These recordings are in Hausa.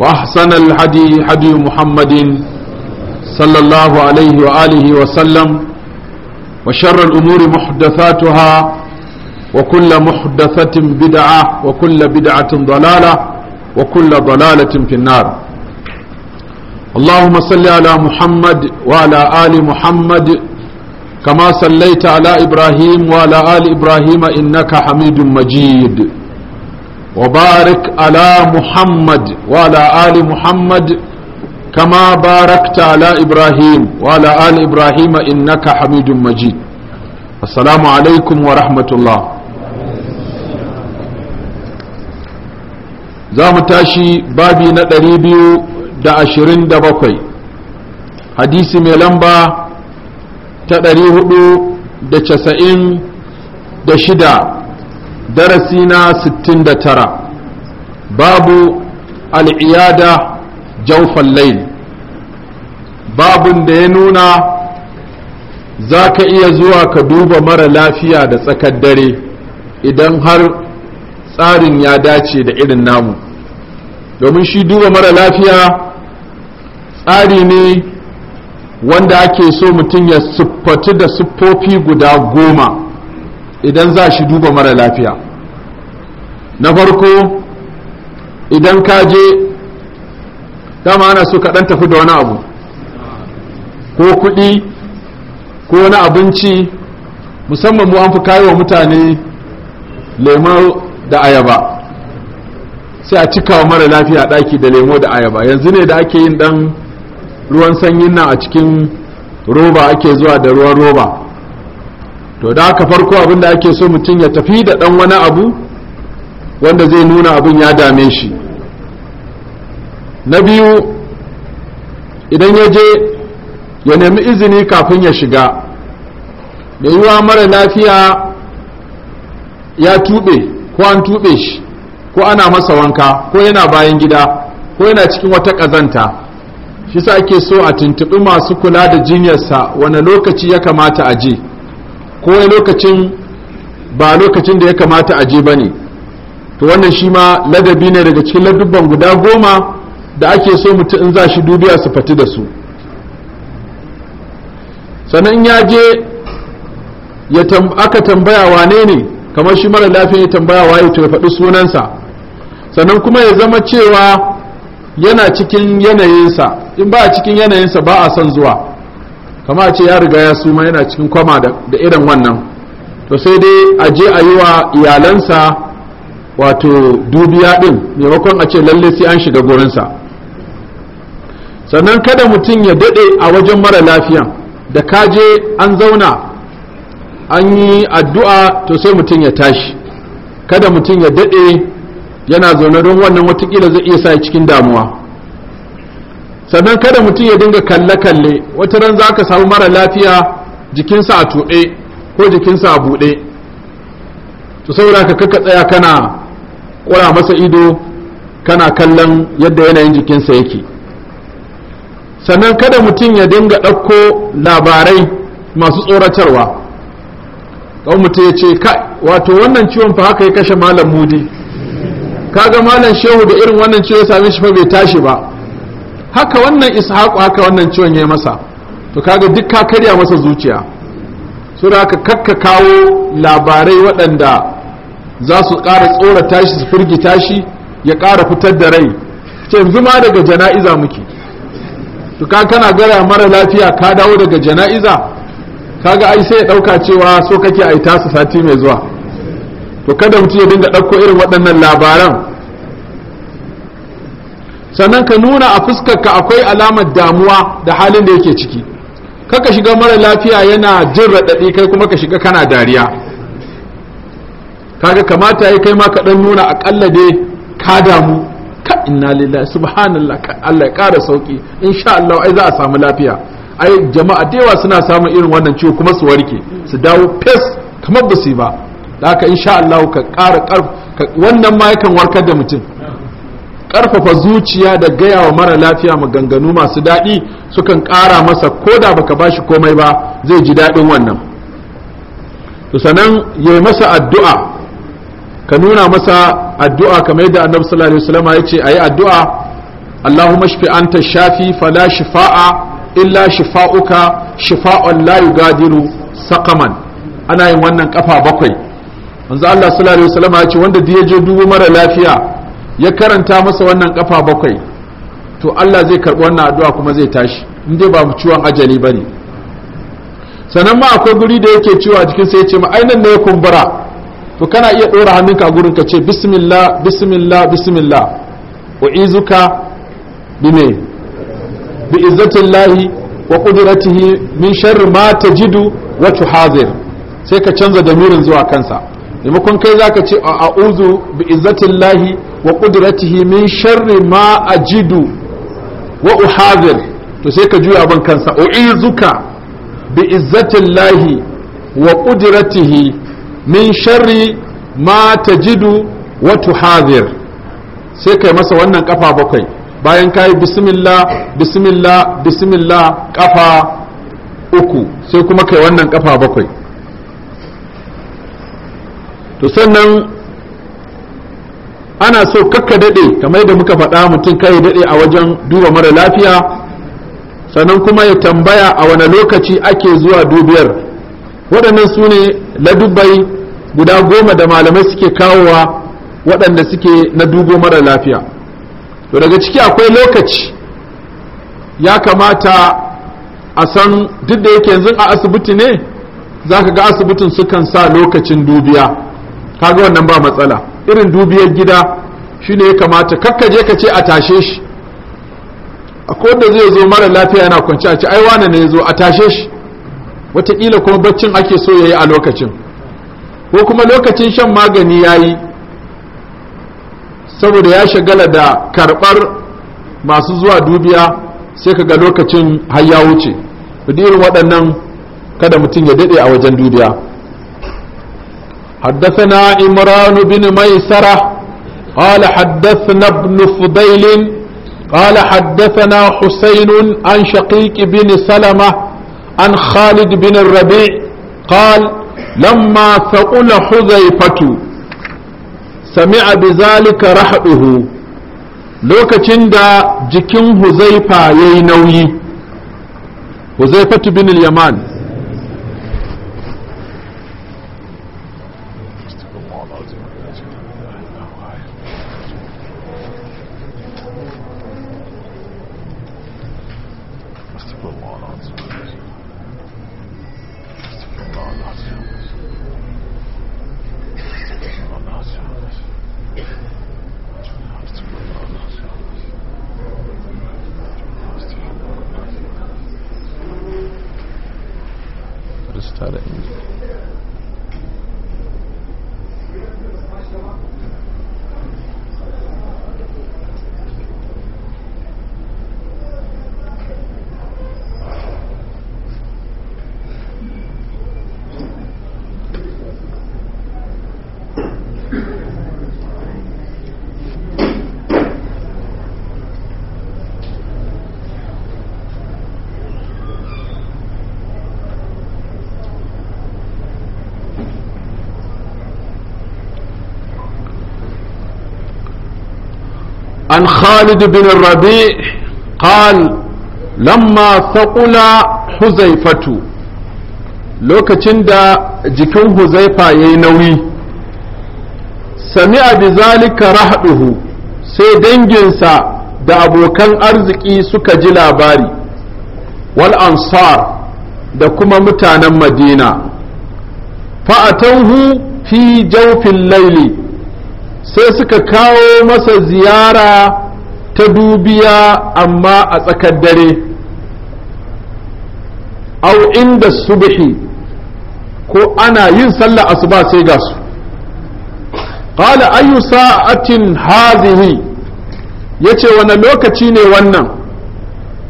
وأحسن الهدي هدي محمد صلى الله عليه وآله وسلم وشر الأمور محدثاتها وكل محدثة بدعة وكل بدعة ضلالة وكل ضلالة في النار اللهم صل على محمد وعلى آل محمد كما صليت على إبراهيم وعلى آل إبراهيم إنك حميد مجيد وبارك على محمد وعلى آل محمد كما باركت على إبراهيم وعلى آل إبراهيم إنك حميد مجيد السلام عليكم ورحمة الله za mu tashi babi na ɗari biyu da ashirin da bakwai hadisi mai lamba ta ɗari hudu da casa'in da shida darasi na tara babu al'iyada jaufan laili babun da ya nuna za ka iya zuwa ka duba mara lafiya da tsakar dare idan har tsarin ya dace da irin namu domin shi duba mara lafiya tsari ne wanda ake so mutum ya siffatu da siffofi guda goma idan za shi duba mara lafiya na farko idan ka je dama ana so ka ɗan tafi da wani abu ko kuɗi ko wani abinci musamman mu an fi kayo mutane lemo da ayaba sai a cikawa mara lafiya ɗaki da lemo da ayaba yanzu ne da ake yin ɗan ruwan sanyin nan a cikin roba ake zuwa da ruwan roba to da aka farko abin da ake so mutum ya tafi da ɗan wani abu wanda zai nuna abin ya dame shi na biyu idan ya je ya nemi izini kafin ya shiga da yiwuwa mara lafiya ya tuɓe ko an tuɓe shi ko ana masa wanka ko yana bayan gida ko yana cikin wata ƙazanta shi sa ake so a tuntuɓi masu kula da jinyarsa wani lokaci ya kamata a je ko wani lokacin ba lokacin da ya kamata a je ba ne to wannan shi ma ladabi ne daga cikin ladubban guda goma da ake so mutum in za shi dubiya su fati da su sannan ya je aka tambaya wane ne kamar shi mara lafiya ya tambaya waye to ya faɗi sunansa sannan kuma ya zama cewa yana cikin yanayinsa in ba a cikin yanayinsa ba a son zuwa kama a ce ya riga ya suma yana cikin kwama da irin wannan to sai dai a je a yi wa iyalansa wato dubiya din maimakon a ce lalle sai an shiga gurinsa sannan kada mutum ya daɗe a wajen mara lafiyan da kaje an zauna an yi addu'a to sai mutum ya tashi kada mutum ya daɗe yana zaune don wannan watakila zai iya sa cikin damuwa sannan kada mutum ya dinga kalle-kalle wata ran za ka samu mara lafiya jikinsa a tuɗe ko jikinsa a buɗe to saboda ka kaka tsaya kana ƙura masa ido kana kallon yadda yanayin jikinsa yake sannan kada mutum ya dinga ɗauko labarai masu tsoratarwa kawai mutum ya ce kai wato wannan ciwon fa haka ya kashe malam mudi kaga malam shehu da irin wannan ciwo ya same shi fa bai tashi ba haka wannan Ishaku haka wannan ciwon ya yi masa to kaga duk ka karya masa zuciya da ka kakka kawo labarai waɗanda za su ƙara tsora tashi su firgi tashi ya ƙara fitar da rai ce zuma daga jana'iza muke to ka kana gara mara lafiya ka dawo daga jana'iza kaga ai sai ya ɗauka cewa so kake a yi tasa sati mai zuwa to kada mutum ya dinga ɗauko irin waɗannan labaran sannan ka nuna a fuskarka akwai alamar damuwa da halin da yake ciki kaka shiga mara lafiya yana jin raɗaɗi kai kuma ka shiga kana dariya kaga kamata ya kai ma ka ɗan nuna aƙalla dai ka damu ka inna lillahi subhanallah Allah ya ƙara sauki insha Allah ai za a samu lafiya ai jama'a da yawa suna samun irin wannan ciwo kuma su warke su dawo fes kamar ba su yi ba da haka insha Allah ka ƙara ƙarfi wannan ma yakan warkar da mutum ƙarfafa zuciya da gaya wa mara lafiya maganganu masu daɗi sukan ƙara masa ko da baka ba shi komai ba zai ji daɗin wannan to sanan ya yi masa addu'a ka nuna masa addu'a kamar yadda annabi sallallahu alaihi wasallam ya ce ayi addu'a Allahumma shfi anta shafi fala shifa'a illa shifa'uka shifa'un la yugadiru saqaman ana yin wannan kafa bakwai manzo Allah sallallahu alaihi wasallam ya ce wanda da ya je dubo mara lafiya ya karanta masa wannan kafa bakwai to Allah zai karɓi wannan addu'a kuma zai tashi in dai ba ciwon ajali ba ne sannan ma akwai guri da yake ciwo a jikin sai ya ce ma ainihin ne ya kumbura to kana iya ɗora hannunka a gurin ka ce bismillah bismillah bismillah wa izuka bi me bi izzatillahi wa qudratihi min sharri ma tajidu wa tuhazir sai ka canza damirin zuwa kansa maimakon kai zaka ce a'udhu bi izzatillahi wa qudratihi min sharri ma ajidu wa uhadir to sai ka juya ban kansa u'izuka bi izzatillahi wa qudratihi min sharri ma tajidu wa tuhadir sai kai masa wannan kafa bakwai bayan kayi bismillah bismillah bismillah kafa uku sai kuma kai wannan kafa bakwai to sannan ana so kakka daɗe kamar da muka faɗa mutum kai daɗe a wajen duba mara lafiya sannan kuma ya tambaya a wane lokaci ake zuwa dubiyar waɗannan su ne ladubai guda goma da malamai suke kawowa waɗanda suke na dubo mara lafiya to daga ciki akwai lokaci ya kamata a san duk da yake yanzu a asibiti ne za ka ga asibitin sukan sa lokacin dubiya kaga wannan ba matsala irin dubiyar gida shi ne ya kamata kakkaje je ka ce a tashe shi akwai da zai zo mara lafiya yana kwanci a ce ai wane ne ya zo a tashe shi wataƙila kuma baccin ake so ya yi a lokacin ko kuma lokacin shan magani ya yi saboda ya shagala da karɓar masu zuwa dubiya sai ka ga lokacin har ya wuce irin waɗannan kada mutum ya daɗe a wajen dubiya حدثنا عمران بن ميسرة قال حدثنا ابن فضيل قال حدثنا حسين عن شقيق بن سلمة عن خالد بن الربيع قال لما ثقل حذيفة سمع بذلك رحبه lokacin da jikin huzaifa ya yi nauyi huzaifatu bin yaman خالد bin الربيع قال لما ثقل حزيفة lokacin da jikin huzaifa ya nauyi sami'a bi zalika rahduhu sai danginsa da abokan arziki suka ji labari wal ansar da kuma mutanen madina fa'atanhu fi jaufin laili sai suka kawo masa ziyara ta dubiya amma a tsakar dare au inda subhi ko ana yin sallah asuba sai ga su qala ayu sa'atin hazihi yace wani lokaci ne wannan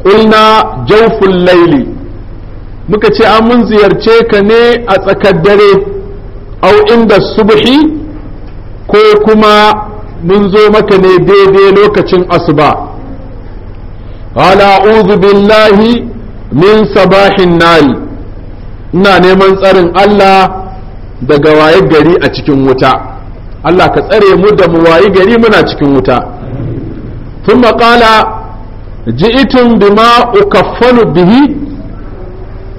qulna jawful layli muka ce an ah, mun ziyarce ka ne a tsakar dare au inda subhi ko kuma mun zo maka ne daidai lokacin asuba ala'uzu billahi min sabahin nari ina neman tsarin Allah daga waye gari a cikin wuta Allah ka tsare mu da mu waye gari muna cikin wuta tun maƙala ji'itun bima ukaffanu bihi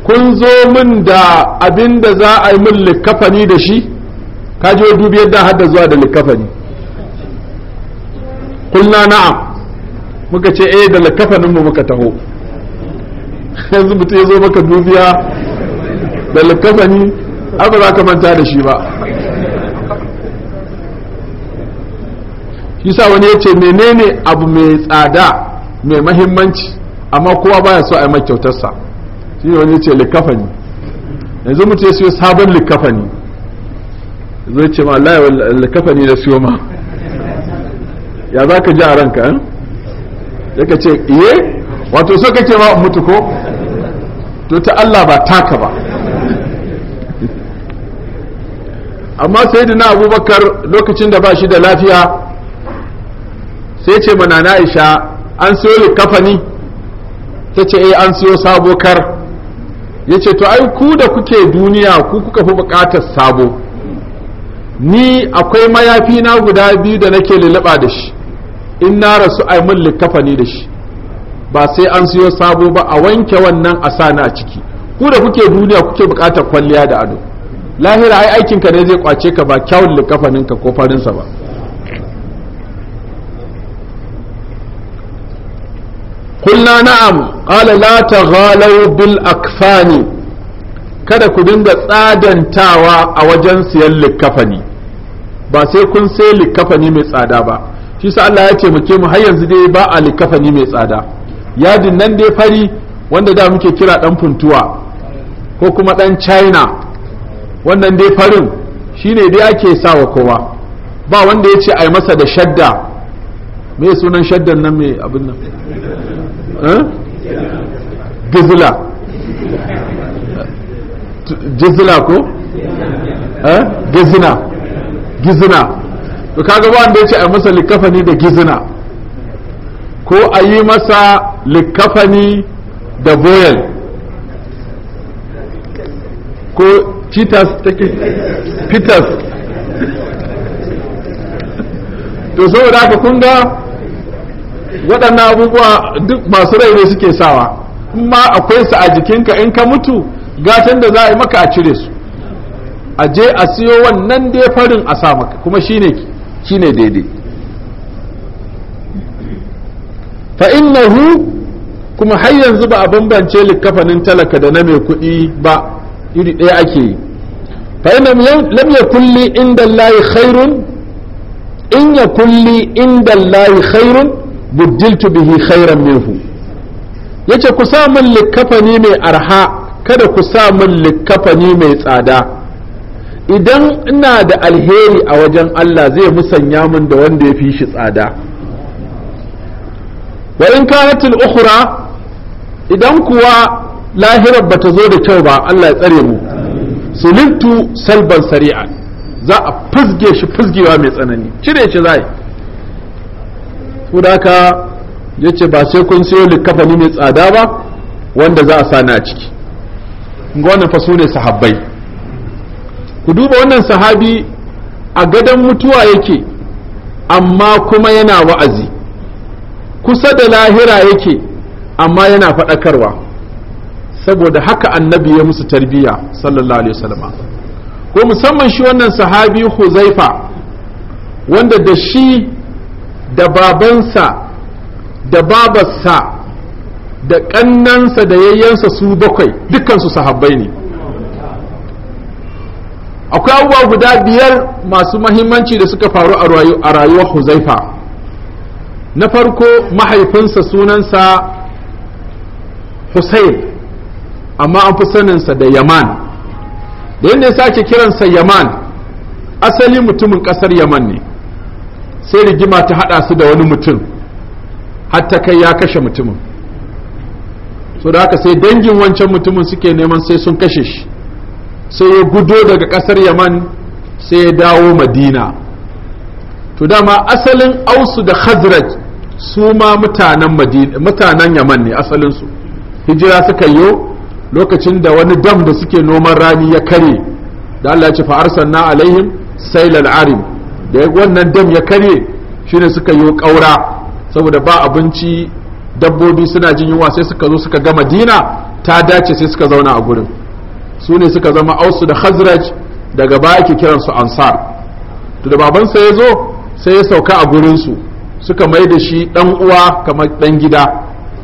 kun zo min da abin da za a yi min likafani da shi ka je dubi yadda hada zuwa da likafani Kulla na'a muka ce eh da lakafanin mu muka taho yanzu mutum ya zo maka dubiya da lakafani abu za ka manta da shi ba shi wani ya ce menene abu mai tsada mai mahimmanci amma kowa baya so a yi mai kyautarsa shi ne wani ya ce likafani yanzu mutum ya siyo sabon likafani zai ce ma Allah likafani da siyo ma ya za ka ji a ranka ya eh? ce iye wato so kake ba mutu ko to ta Allah ba taka ba amma sai da na abubakar lokacin da ba shi da lafiya sai ce mana na isha an siyo kafani ta ce eh an siyo sabo kar ya ce to ai ku da kuke duniya ku kuka fi bukatar sabo ni akwai mayafi na guda biyu da nake lulluɓa da shi in na rasu ai mun likafani da shi ba sai an siyo sabo ba a wanke wannan a sani a ciki ku da kuke duniya kuke bukatar kwalliya da ado lahira ai aikinka ne zai kwace ka ba kyawun ka ko farinsa ba kulna na'am qala la taghalaw bil akfani kada ku dinga tsadantawa a wajen siyan likafani ba sai kun sai likafani mai tsada ba shi sa Allah ya taimake mu har yanzu dai ba a likafani mai tsada yadin nan dai fari wanda da muke kira dan funtuwa ko kuma dan china wannan dai farin shine dai ake sawa kowa ba wanda ya ce ai masa da shadda me sunan shaddan nan mai abin nan eh? gizla gizla ko eh? gizna gizna to kaga wanda ya ce a masa likafani da gizina ko a yi masa likafani da boyel ko cheetahs take peters to saboda haka kun ga waɗannan abubuwa duk masu rai ne suke sawa kuma akwai su a jikinka in ka mutu gatan da za a yi maka a cire su a je a siyo wannan dai farin a sa maka kuma shine ki ne daidai fa innahu kuma har yanzu ba a bambance likafanin talaka da na mai kuɗi ba iri ɗaya ake yi fa inna lamya kulli inda Allah khairun in ya kulli inda Allah khairun buddiltu bihi khairan minhu yace ku sa min likafani mai arha kada ku sa min likafani mai tsada idan ina da alheri a wajen Allah zai musanya mun da wanda ya fi shi tsada wa in kanatul ukhra idan kuwa lahirar bata zo da kyau ba Allah ya tsare mu sulintu salban sari'a za a fizge shi fizgewa mai tsanani cire shi zai haka ya ce ba sai kun siyo likafani mai tsada ba wanda za a sana a ciki ga wannan fa su ne sahabbai ku duba wannan sahabi a gadon mutuwa yake amma kuma yana wa'azi kusa da lahira yake amma yana faɗakarwa saboda haka annabi ya musu tarbiyya sallallahu alaihi wasallam ko musamman shi wannan sahabi huzaifa wanda da shi da babansa da babarsa da ƙannansa da yayyansa su bakwai dukansu sahabbai ne akwai abubuwa guda biyar masu mahimmanci da suka faru a rayuwar huzaifa na farko mahaifinsa sunansa hussein amma an fi saninsa da yaman da yadda ya sake kiransa yaman asali mutumin kasar yaman ne sai rigima ta hada su da wani mutum hatta kai ya kashe mutumin so da haka sai dangin wancan mutumin suke neman sai sun kashe shi sai ya gudo daga ƙasar yaman sai ya dawo madina to dama asalin ausu da khazraj su ma mutanen yaman ne asalinsu hijira suka yi lokacin da wani dam da suke noman rani ya kare da Allah ya ce fa'arsan na alaihim sai arim da wannan dam ya kare shine suka yi ƙaura saboda ba abinci dabbobi suna jin yunwa sai suka zo suka ga madina ta dace sai suka zauna a gurin su ne suka zama ausu da khazraj daga baya ke kiransu ansar to da babansa ya zo sai ya sauka a gurinsu suka mai da shi dan uwa kamar dan gida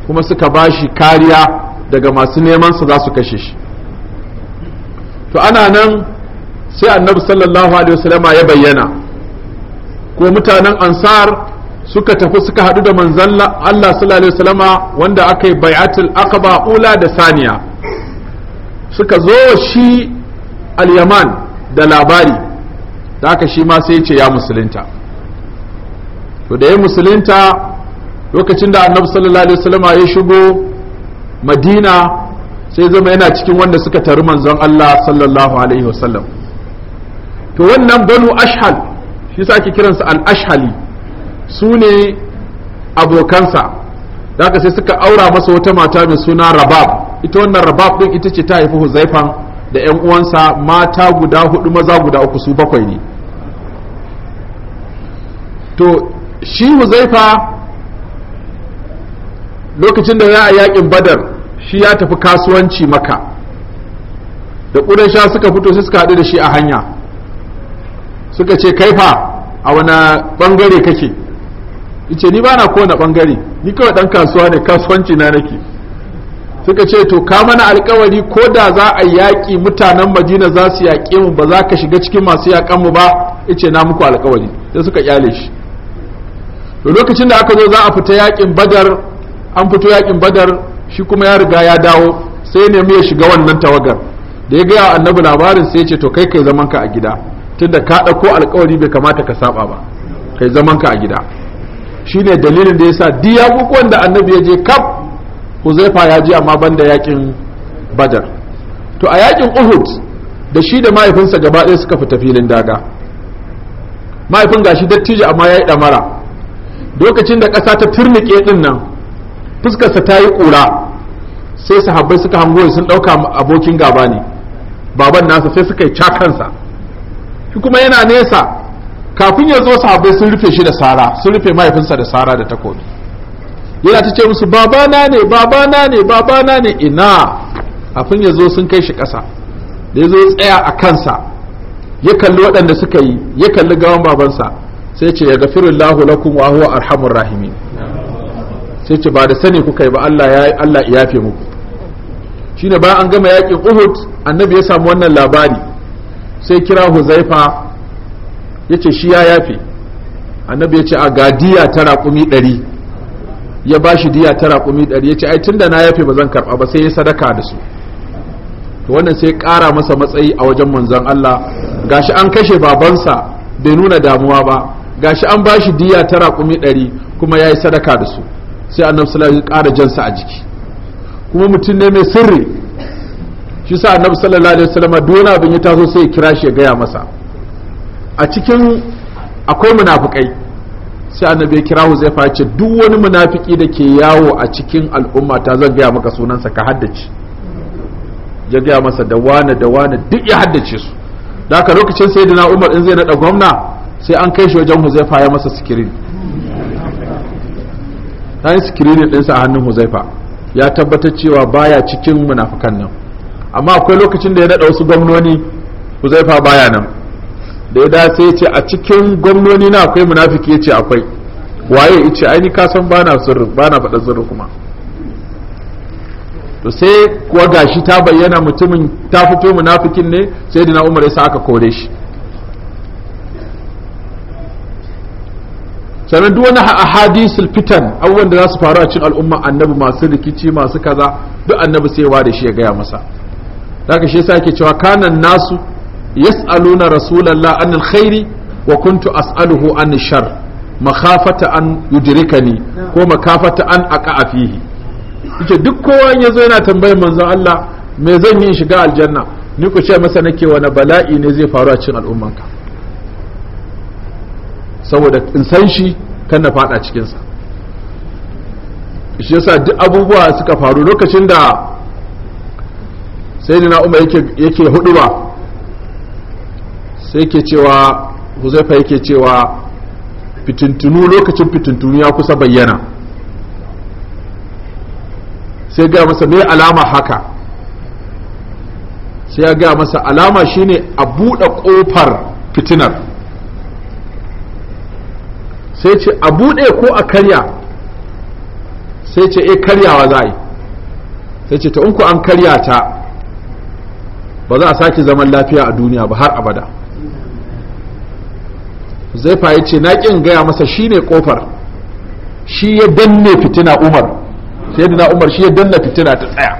kuma suka ba shi kariya daga masu neman sa za su kashe shi to ana nan sai annabi sallallahu alaihi wasallama ya bayyana ko mutanen ansar suka tafi suka hadu da manzon Allah sallallahu alaihi wasallama wanda aka yi bai'atul aqaba ula da saniya suka zo shi al-yaman da labari da aka shi ma sai ce ya musulunta to da ya musulunta lokacin da annabi sallallahu alaihi wasallam ya shigo madina sai zama yana cikin wanda suka taru manzon Allah sallallahu alaihi wasallam to wannan banu ashhal shi sa ake kiransa al-ashhali su ne abokansa da aka sai suka aura masa wata mata mai suna rabab ita wannan rabab din ita ce ta haifi huzaifan da yan uwansa mata guda hudu maza guda uku su bakwai ne to shi huzaifa lokacin da ya a yakin badar shi ya tafi kasuwanci maka da ƙudansha suka fito sai suka haɗu da shi a hanya suka ce kaifa a wani ɓangare kake ce ni ba na kowane ɓangare ni kawai ɗan kasuwa ne kasuwanci na nake suka ce to ka mana alkawari ko da za a yaƙi mutanen madina za su yaƙe mu ba za ka shiga cikin masu yaƙan mu ba ice na muku alkawari sai suka kyale shi to lokacin da aka zo za a fita yaƙin badar an fito yaƙin badar shi kuma ya riga ya dawo sai nemi ya shiga wannan tawagar da ya gaya annabi labarin sai ya ce to kai kai zaman ka a gida tunda ka ɗauko alkawari bai kamata ka saba ba kai zaman ka a gida shine dalilin da yasa diya bukuwan da annabi ya je kaf huzaifa ya ji amma banda yakin badar to a yakin uhud da shi da mahaifinsa gaba ɗaya suka fita filin daga mahaifin gashi dattijo amma ya yi ɗamara lokacin da ƙasa ta turnike ɗin nan fuskarsa ta yi ƙura sai sahabbai suka hango sun ɗauka abokin gaba ne baban nasa sai suka yi cakansa shi kuma yana nesa kafin ya zo sahabbai sun rufe shi da sara sun rufe mahaifinsa da sara da takobi yana ta ce musu babana ne babana ne babana ne ina afin yazo sun kai shi ƙasa da ya zo tsaya a kansa ya kalli waɗanda suka yi ya kalli gawan babansa sai ce ya gafirullahu lakum wa huwa arhamur rahimin sai ce ba da sani kuka yi ba Allah ya Allah ya yafe muku shine bayan an gama yakin Uhud annabi ya samu wannan labari sai kira Huzaifa yace shi ya yafe annabi ya ce a gadiya ta raƙumi ɗari ya ba shi diya tara kumi ɗari ya ce ai tunda na yafe ba zan karɓa ba sai ya sadaka da su to wannan sai ƙara masa matsayi a wajen manzon Allah gashi an kashe babansa bai nuna damuwa ba gashi an ba shi diya tara kumi ɗari kuma ya yi sadaka da su sai annabi sallallahu alaihi ƙara jansa a jiki kuma mutum ne mai sirri shi sa annabi sallallahu alaihi wasallam duk abin ya taso sai ya kira shi ya gaya masa a cikin akwai munafukai sai annabi ya kira Huzaifa ya ce duk wani munafiki da ke yawo a cikin al'umma ta zan gaya maka sunansa ka haddace ya gaya masa da wane da wane duk ya haddace su da haka lokacin sai da Umar in zai nada gwamna sai an kai shi wajen Huzaifa ya masa sikirin dan sikirin ɗinsa a hannun Huzaifa ya tabbatar cewa baya cikin munafikan nan amma akwai lokacin da ya naɗa wasu gwamnoni Huzaifa baya nan da ya dace ya ce a cikin gwamnoni na akwai munafiki ya ce akwai waye ya ce ainihin ka san bana sirrin faɗa sirrin kuma to sai kuwa gashi ta bayyana mutumin ta fito munafikin ne sai dina umar ya sa aka kore shi sannan duk wani ahadisul fitan abubuwan da za su faru a cikin al'umma annabi masu rikici masu kaza duk annabi sai ya da shi ya gaya masa zaka shi yasa yake cewa kanan nasu yas'aluna rasulallah anil khairi wa kuntu as'aluhu an makafata an yudrikani ko makafata an aqa'a fihi yace duk kowa ya zo yana tambayar manzon Allah me zan yi shiga aljanna ni ku ce masa nake wani bala'i ne zai faru a cikin al'ummanka saboda in san shi kan na faɗa cikinsa shi yasa duk abubuwa suka faru lokacin da sai na umar yake hudu ba sai ke cewa huzaifa yake cewa fitintunu lokacin fitintunu ya kusa bayyana sai ga masa me alama haka sai ya gaya masa alama shine a buɗe ƙofar fitinar sai ce a buɗe ko a karya sai ce e karyawa za a yi sai ce ta unku an karya ta ba za a sake zaman lafiya a duniya ba har abada zai ya ce na ƙin gaya masa shi ne ƙofar shi ya danne fitina umar sayyidina umar shi ya danna fitina ta tsaya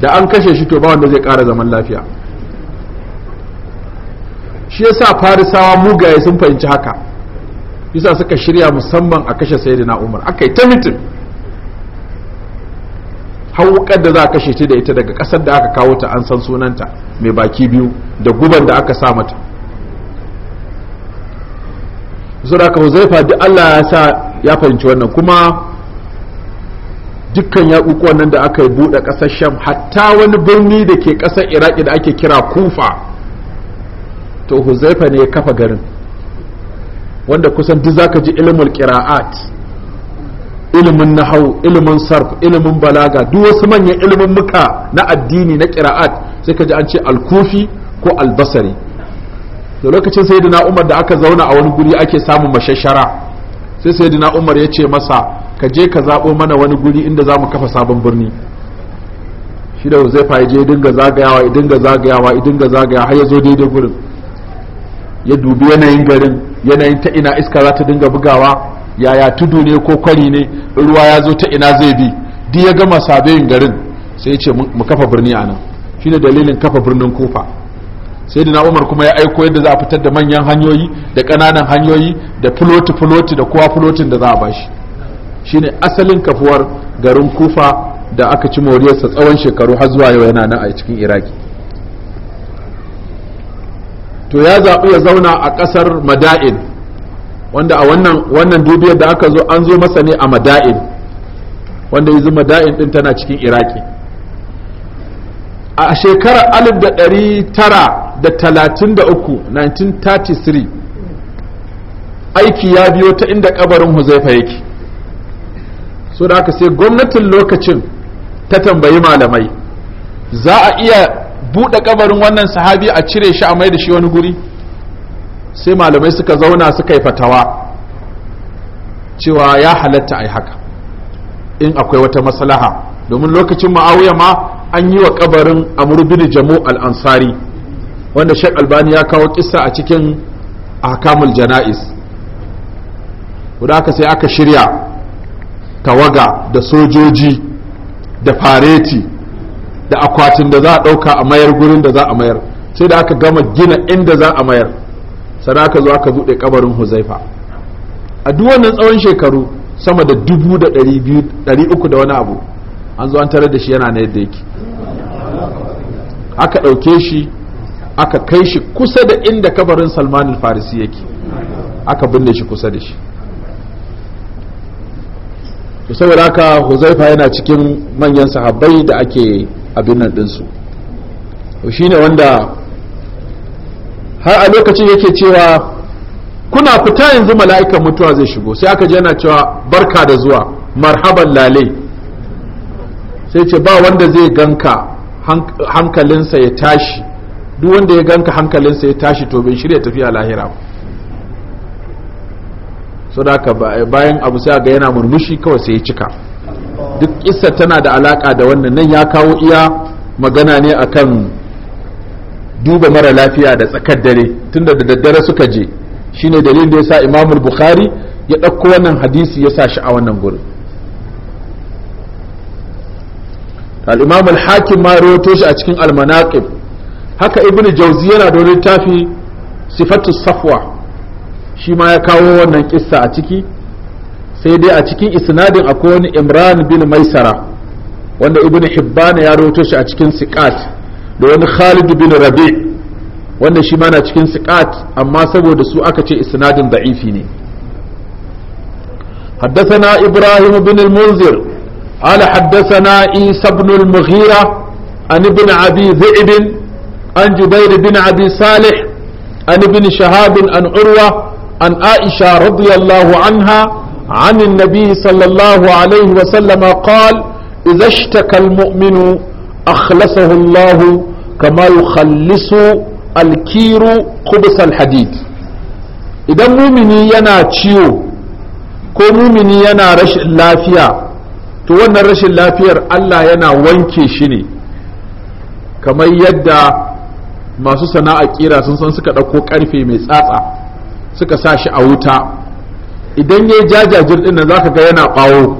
da an kashe shi to ba wanda zai ƙara zaman lafiya shi yasa farisawa mugaye sun fahimci haka yasa suka shirya musamman a kashe sayyidina umar aka yi ta mitin hawukar da za a kashe ta da ita daga ƙasar da aka kawo ta an san sunanta mai baki biyu da guban da aka sa mata saboda huzaifa duk Allah ya sa ya fahimci wannan kuma dukkan yaƙuƙuwan nan da aka yi buɗe ƙasar sham hatta wani birni da ke ƙasar iraki da ake kira kufa to huzaifa ne ya kafa garin wanda kusan duk zaka ji ilimin kira'at ilimin nahau ilimin sarf ilimin balaga duk wasu manyan ilimin muka na addini na kira'at sai ka ji an ce alkufi ko albasari. da lokacin sayyidina umar da aka zauna a wani guri ake samun mashashara sai sayyidina umar ya ce masa ka je ka zaɓo mana wani guri inda za mu kafa sabon birni shi da zai fa je dinga zagayawa ya dinga zagayawa ya dinga zagaya har ya zo daidai gurin ya dubi yanayin garin yanayin ta ina iska za ta dinga bugawa yaya tudu ne ko kwari ne ruwa ya zo ta ina zai bi duk ya gama sabayin garin sai ya ce mu kafa birni a nan shine dalilin kafa birnin kofa sai da umar kuma ya aiko yadda za a fitar da manyan hanyoyi da ƙananan hanyoyi da filoti filoti da kowa filotin da za a bashi shine asalin kafuwar garin kufa da aka ci moriyarsa tsawon shekaru har zuwa yau yana nan a cikin iraki to ya zaɓi ya zauna a ƙasar mada'in wanda a wannan wannan dubiyar da aka zo an zo masa ne a mada'in wanda yanzu mada'in din tana cikin iraki a shekarar alif da da uku 1933 aiki ya biyo ta inda kabarin huzaifa yake so da aka sai gwamnatin lokacin ta tambayi malamai za a iya buɗe kabarin wannan sahabi a cire shi a mai da shi wani guri sai malamai suka zauna suka yi fatawa cewa ya halatta a yi haka in akwai wata maslaha domin lokacin ma'auya ma an yi wa kabarin amr bin jamu al ansari wanda shek albani ya kawo kissa a cikin ahkamul jana'is aka sai aka shirya tawaga da sojoji da fareti da akwatin da za a ɗauka a mayar gurin da za a mayar sai da aka gama gina inda za a mayar sana aka zo aka buɗe kabarin huzaifa a duk wannan tsawon shekaru sama da dubu da ɗari uku da wani abu an zo an tare da shi yana na yadda yake aka ɗauke shi aka kai shi kusa da inda kabarin salman farisi yake aka binne shi kusa da shi saboda haka huzaifa yana cikin manyan sahabbai da ake abin nan ɗinsu shi ne wanda har a lokacin yake cewa kuna fita yanzu mala'ikan mutuwa zai shigo sai aka je yana cewa barka da zuwa marhaban lalai sai ce ba wanda zai ganka hankalinsa ya tashi duk wanda ya ganka hankalinsa ya tashi to bai shirya tafiya lahira so da haka bayan abu sai ga yana murmushi kawai sai ya cika duk kissa tana da alaka da wannan nan ya kawo iya magana ne akan duba mara lafiya da tsakar dare tunda da daddare suka je shine dalilin da yasa imamul bukhari ya ɗauko wannan hadisi ya sa shi a wannan gurin al-imam al-hakim ma rawato shi a cikin al haka ibnu jawzi yana da littafi sifatu safwa shi ma ya kawo wannan kissa a ciki sai dai a cikin isnadin akwai wani imran bin maisara wanda ibnu hibban ya rawato shi a cikin siqat da wani khalid bin rabi' wanda shi ma na cikin siqat amma saboda su aka ce isnadin da'ifi ne حدثنا إبراهيم بن المنذر قال حدثنا عيسى بن المغيرة عن ابن أبي ذئب عن جبير بن أبي صالح عن ابن شهاب عن عروة عن عائشة رضي الله عنها عن النبي صلى الله عليه وسلم قال إذا اشتكى المؤمن أخلصه الله كما يخلص الكير قبس الحديد إذا مؤمني ينا تشيو كو مؤمني ينا رش لافيا to wannan rashin lafiyar Allah yana wanke shi ne kamar yadda masu sana'a kira sun san suka ɗauko ƙarfe mai tsatsa suka sa shi a wuta idan ya jajajir ɗin nan zaka ga yana ɓawo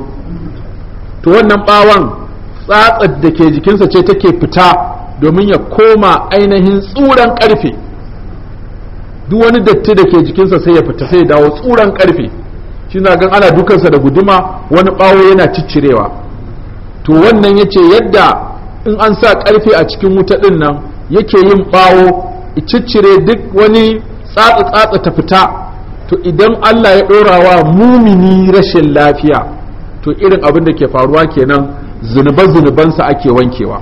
to wannan ɓawon tsatsar da ke jikinsa ce take fita domin ya koma ainihin tsuran ƙarfe duk wani datti da ke jikinsa sai ya fita sai ya dawo tsuran ƙarfe shi na gan ana dukansa da guduma wani bawo yana ciccirewa to wannan yace yadda in an sa ƙarfe a cikin wuta din nan yake yin ɓawo ciccire duk wani tsatsa-tsatsa ta fita to idan Allah ya wa mumini rashin lafiya to irin abin da ke faruwa kenan zunuban-zunubansa ake wankewa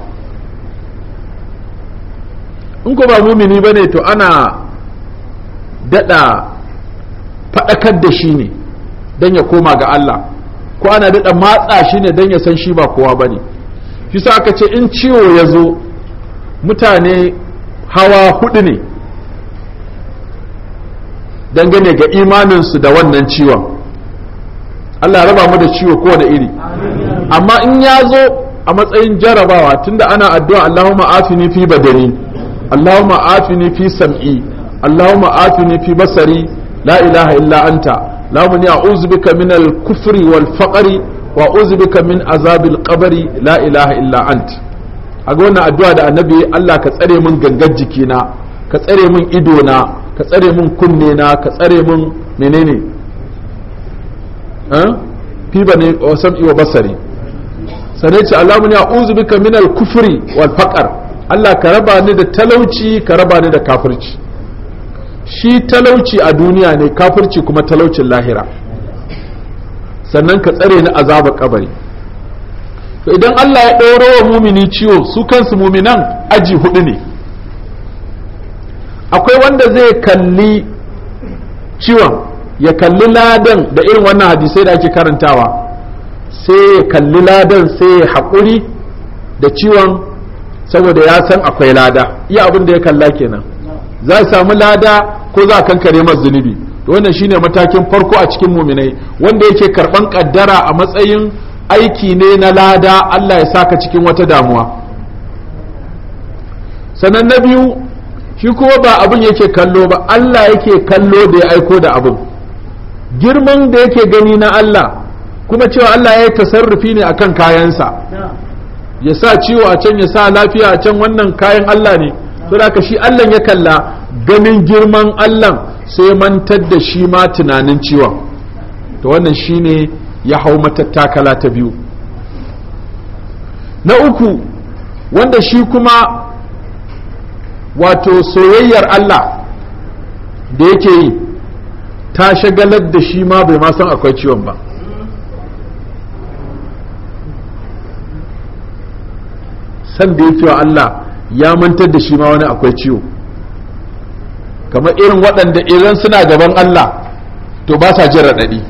in ko ba mumini bane to ana daɗa faɗakar da shi ne Dan ya koma ga Allah ko ana daɗa matsa shi ne don ya san shi ba kowa bane ne shi sa aka ce in ciwo ya zo mutane hawa hudu ne dangane ga imaninsu da wannan ciwon Allah ya raba mu da ciwo da iri amma in ya zo a matsayin jarabawa tunda ana addu'a Allahumma afini fi badani Allahumma afini fi sam'i Allahumma afini fi basari la ilaha illa anta lamu ne a'udhu bika min al-kufri wal faqri wa a'udhu bika min azabil qabri la ilaha illa ant ga wannan addu'a da annabi Allah ka tsare min gangan jikina ka tsare min ido na ka tsare min kunne na ka tsare min menene eh fiba ne wa sam'i wa basari sane ce Allahumma ni a'udhu bika min al-kufri wal faqar Allah ka raba ni da talauci ka raba ni da kafirci shi talauci a duniya ne kafirci kuma talaucin lahira sannan ka tsare ni azaba kabari to idan Allah ya ɗora wa mumini ciwo su kansu muminan aji hudu ne akwai wanda zai kalli ciwon ya kalli ladan da irin wannan hadisai da ake karantawa sai ya kalli ladan sai ya haƙuri da ciwon saboda ya san akwai lada iya abin da ya kalla kenan za a samu lada ko za a kankare masu zunubi to wannan shine matakin farko a cikin muminai wanda yake karɓan kaddara a matsayin aiki ne na lada Allah ya saka cikin wata damuwa sannan na biyu shi kuma ba abin yake kallo ba Allah yake kallo da ya aiko da abin girman da yake gani na Allah kuma cewa Allah ya yi tasarrufi ne akan kayansa ya sa ciwo a can ya sa lafiya a can wannan kayan Allah ne saboda shi Allah ya kalla ganin girman Allah sai mantar da shi ma tunanin ciwon to wannan shine ya hau matattakala ta biyu na uku wanda shi kuma wato soyayyar Allah da yake yi ta shagalar da shi ma bai ma san akwai ciwon ba san da yake wa Allah ya mantar da shi ma wani akwai ciwo kamar irin waɗanda idan suna gaban Allah to ba sa jin raɗaɗi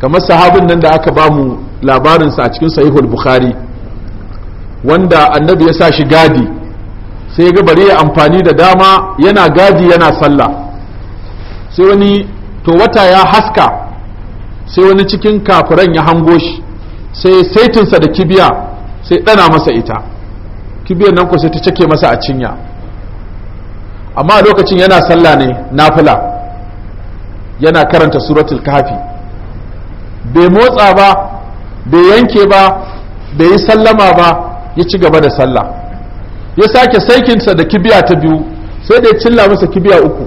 kamar sahabin nan da aka ba mu labarinsa a cikin sahihul bukhari wanda annabi ya sa shi gadi sai ga bari ya amfani da dama yana gadi yana sallah sai wani to wata ya haska sai wani cikin kafiran ya hango shi sai saitinsa da kibiya sai ɗana masa ita kibiyar nan ku sai ta cake masa a cinya amma a lokacin yana sallah ne nafila yana karanta suratul kafi bai motsa ba bai yanke ba bai yi sallama ba ya ci gaba da sallah ya sake saikinsa da kibiya ta biyu sai da ya cilla masa kibiya uku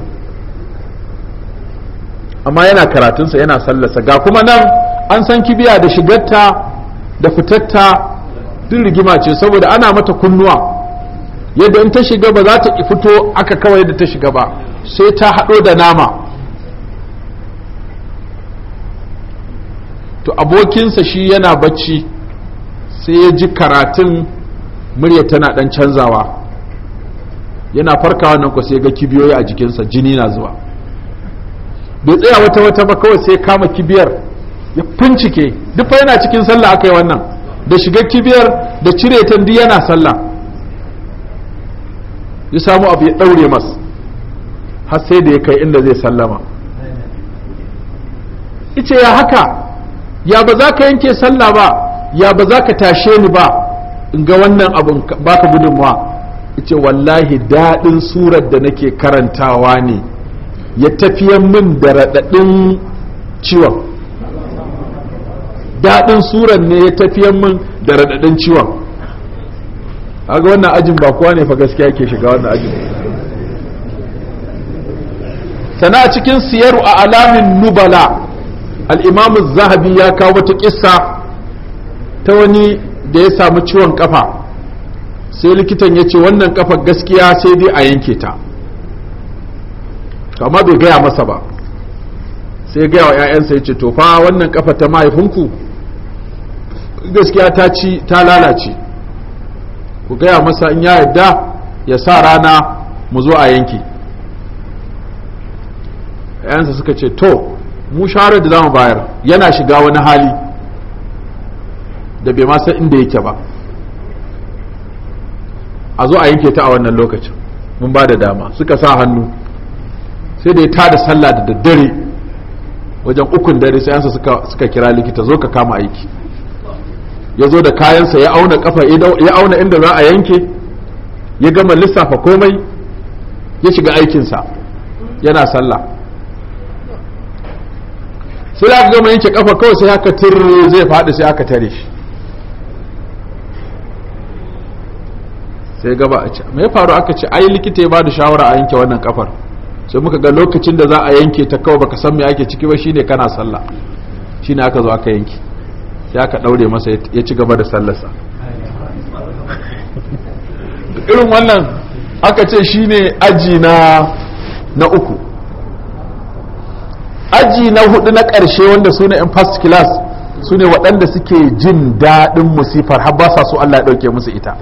amma yana karatunsa yana sallarsa ga kuma nan an san kibiya da shigarta da fitarta duk rigima ce saboda ana mata kunnuwa yadda in ta shiga ba za ta fito aka kawai da ta shiga ba sai ta haɗo da nama to abokinsa shi yana bacci sai ya ji karatun murya tana ɗan canzawa yana farkawa nan ku sai ga kibiyoyi a jikinsa jini na zuwa bai tsaya wata wata ba kawai sai kama kibiyar ya fincike duk fa yana cikin sallah aka yi wannan da shiga kibiyar da cire ta duk yana sallah ya samu abu ya daure mas har sai da ya kai inda zai sallama ice ya haka ya ba za ka yanke sallah ba ya ba za ka tashe ni ba in ga wannan abin baka gudunmawa ice wallahi daɗin surar da nake karantawa ne ya tafiyan min da raɗaɗin ciwon daɗin suran ne ya tafiyan min da raɗaɗin ciwon ga wannan ajin ba kowa ne fa gaskiya yake shiga wannan ajin sana cikin siyaru a alamin nubala al’imamun zahabi ya kawo wata kissa ta wani da ya samu ciwon ƙafa sai likitan ya ce wannan ƙafa gaskiya sai dai a yanke ta Kama bai gaya masa ba sai gaya wa 'ya'yansa ya ce to fa wannan kafa ta mahaifinku gaskiya ta ci ta lalace ku gaya masa in ya yadda ya sa rana mu zo a yanki yansa suka ce to mu shawarar da za mu bayar yana shiga wani hali da bai masa inda yake ba a zo a yanke ta a wannan lokacin mun ba da dama suka sa hannu sai da ya tada sallah da daddare wajen ukun dare sai yansa suka kira likita zo ka kama aiki ya zo da kayansa ya auna kafa ya auna inda za a yanke ya gama lissafa komai ya shiga aikinsa yana sallah sai aka gama yanke kafa kawai sai haka tir zai faɗi sai haka tare shi sai gaba a ce mai faru aka ce ai likita ya bada shawara a yanke wannan kafar sai muka ga lokacin da za a yanke ta kawai baka san me ake ciki ba shine kana sallah shine aka zo aka yanke sai aka daure masa ya ci gaba da sallarsa irin wannan aka ce shine aji na na uku aji na hudu na karshe wanda su ne in first class su ne waɗanda suke jin daɗin musifar har ba sa Allah ya ɗauke musu ita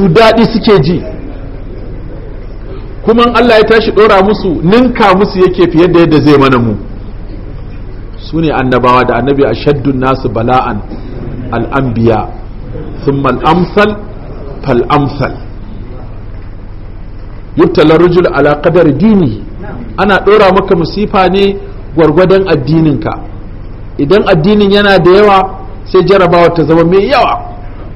su daɗi suke ji kuma Allah ya tashi ɗora musu ninka musu yake fiye da yadda zai mana mu su ne annabawa da annabi a shaddun nasu bala'an al'ambiya sun mal'amsal fal'amsal yubtalar rujul ala qadar dini ana ɗora maka musifa ne gwargwadon addininka idan addinin yana da yawa sai jarabawa ta zama mai yawa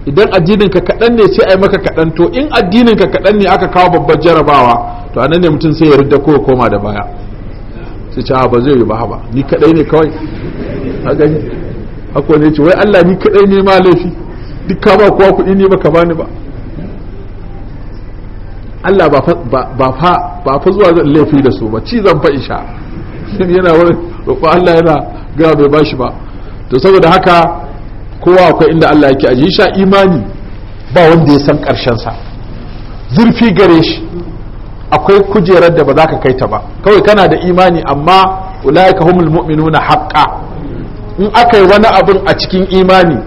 idan addinin ka kaɗan ne sai ai maka kaɗan to in addinin ka kaɗan ne aka kawo babbar jarabawa to anan ne mutum sai ya rudda ko ya koma da baya sai ce ba zai yi ba ba ni kaɗai ne kawai a gani akwai ne ce wai Allah ni kaɗai ne ma laifi duk ka ba kowa kuɗi ne baka bani ba Allah ba fa ba fa zuwa zan laifi da su ba ci zan fa isha yana wani roƙo Allah yana ga bai bashi ba to saboda haka kowa akwai inda Allah yake ajiye sha imani ba wanda ya san karshen sa zurfi gare shi akwai kujerar da ba za ka kai ta ba kawai kana da imani amma ulaika humul mu'minuna haqqa in aka yi wani abin a cikin imani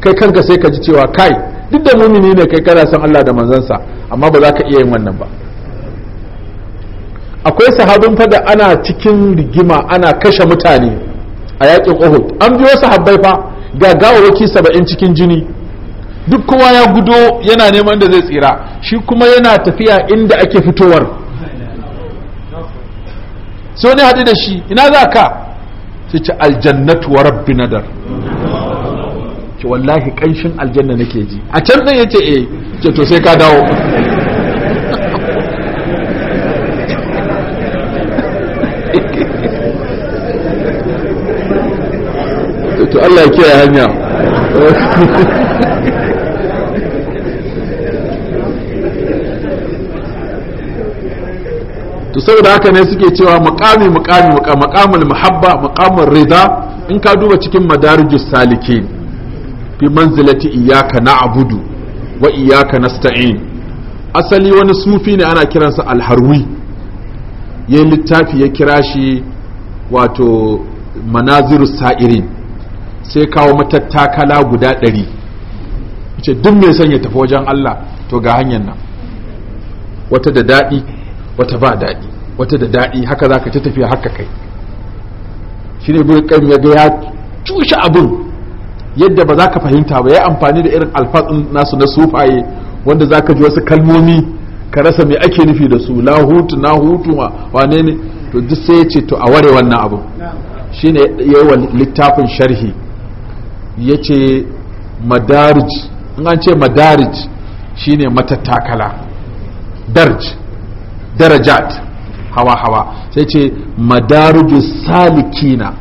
kai kanka sai ka ji cewa kai duk da mumini ne kai kana san Allah da sa amma ba za ka iya yin wannan ba akwai sahabin fada ana cikin rigima ana kashe mutane a yakin Uhud an biyo sahabbai fa ga gawawaki saba'in cikin jini duk kowa ya gudo yana neman da zai tsira shi kuma yana tafiya inda ake fitowar So wani haɗu da shi ina za ka sai ce aljannatu wa rabbi nadar ce wallahi ƙanshin aljanna nake ji a can zai ya ce eh ce to sai ka dawo to Allah ya kiyaye hanya to saboda haka ne suke cewa maqami maqami maqamul muhabba maqamul rida in ka duba cikin madarijus salikin fi manzilati iyyaka na'budu wa iyyaka nasta'in asali wani sufi ne ana kiransa alharwi yayin littafi ya kira shi wato manaziru sa'irin sai kawo matattakala guda ɗari ce duk mai son ya tafi wajen Allah to ga hanyar nan wata da daɗi wata ba daɗi wata da daɗi haka za ka ta tafiya haka kai shi ne bai kan ya ya cushe abin yadda ba za ka fahimta ba ya amfani da irin alfatsin nasu na sufaye wanda za ka ji wasu kalmomi ka rasa mai ake nufi da su la hutu na hutu ma wane ne to duk sai ce to a ware wannan abin shine yawan littafin sharhi ya ce madarij in an ce madarij shine matattakala darj darajat hawa-hawa sai ce madarijin salikina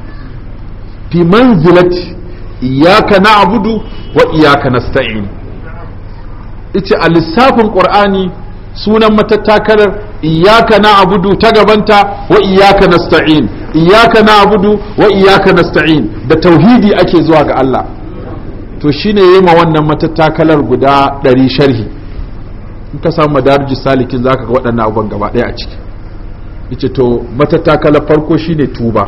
fi manzilati iyaka na abudu wa iyaka na sta'in ita a lissafin ƙwar'ani sunan matattakalar iyaka na abudu ta gabanta wa iyaka na sta'in Iyaka na Abudu wa iyyaka nasta'in da tauhidi ake zuwa ga Allah to shine yayi ma wannan matattakalar guda ɗari sharhi in ka samu madarijus salikin zaka ga waɗannan abubuwan gaba ɗaya a ciki yace to matattakalar farko shine tuba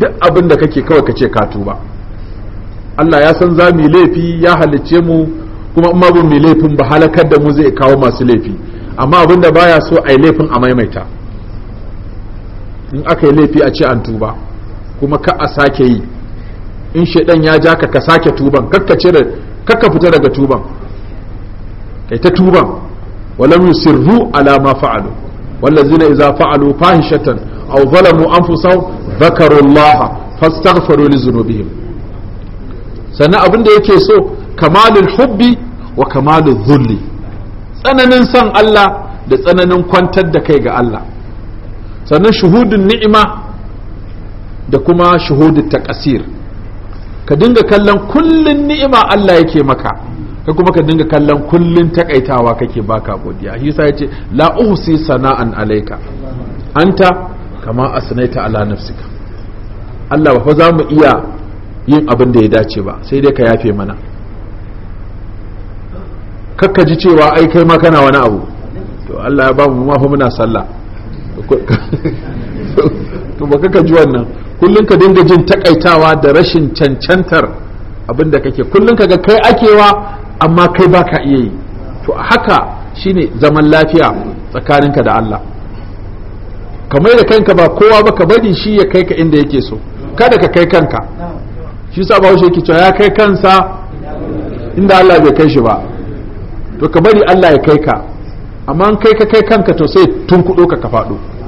duk abin da kake kawai ka ce ka tuba Allah ya san za mu laifi ya halicce mu kuma in ma mu laifin ba halakar da mu zai kawo masu laifi amma abin da baya so ai laifin a maimaita in aka yi laifi a ce an tuba kuma ka a sake yi in shaidan ya ja ka ka sake tuban kakka cire kakka fita daga tuban kai ta tuban walam yusirru ala ma fa'alu wallazina idza fa'alu fahishatan aw zalamu anfusahum dhakaru allaha fastaghfiru li dhunubihim sannan abin da yake so kamalul hubbi wa kamalul dhulli tsananin san Allah da tsananin kwantar da kai ga Allah sannan shuhudun ni'ima da kuma shuhudun takasir ka dinga kallon kullun ni'ima Allah yake maka ka kuma ka dinga kallon kullun takaitawa kake baka godiya shi yasa yace la uhsi sana'an alayka anta kama asnaita ala nafsika Allah ba fa za mu iya yin abin da ya dace ba sai dai ka yafe mana kakka ji cewa ai kai ma kana wani abu to Allah ya ba mu ma fa muna sallah to ba kaka ji wannan kullum ka dinga jin takaitawa da rashin cancantar abin da kake kullum ka ga kai akewa amma kai ba ka iya yi to haka shine zaman lafiya tsakaninka da Allah kamar da kanka ba kowa ba ka bari shi ya kai ka inda yake so kada ka kai kanka shi sa bahaushe yake cewa ya kai kansa inda Allah bai kai shi ba to ka bari Allah ya kai ka amma an kai ka kai kanka to sai tun ka ka faɗo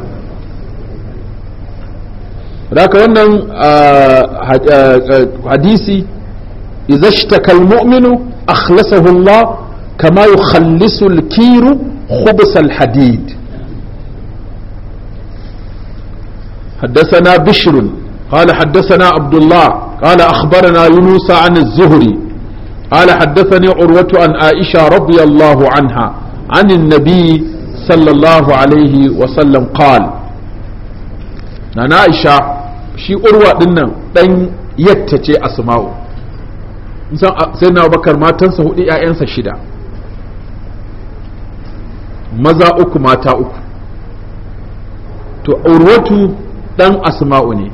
raka wannan hadisi idza ishtaka almu'minu akhlasahu Allah kama yukhallisu alkiru khubs alhadid حدثنا بشر قال حدثنا عبد الله قال أخبرنا يونس عن الزهري قال حدثني عروة عن عائشة رضي الله عنها عن النبي صلى الله عليه وسلم قال عن عائشة shi urwa din nan dan yatta ce asma'u sai ah, na bakar matansa hudu ƴaƴansa shida maza uku mata uku to urwatu dan asma'u ne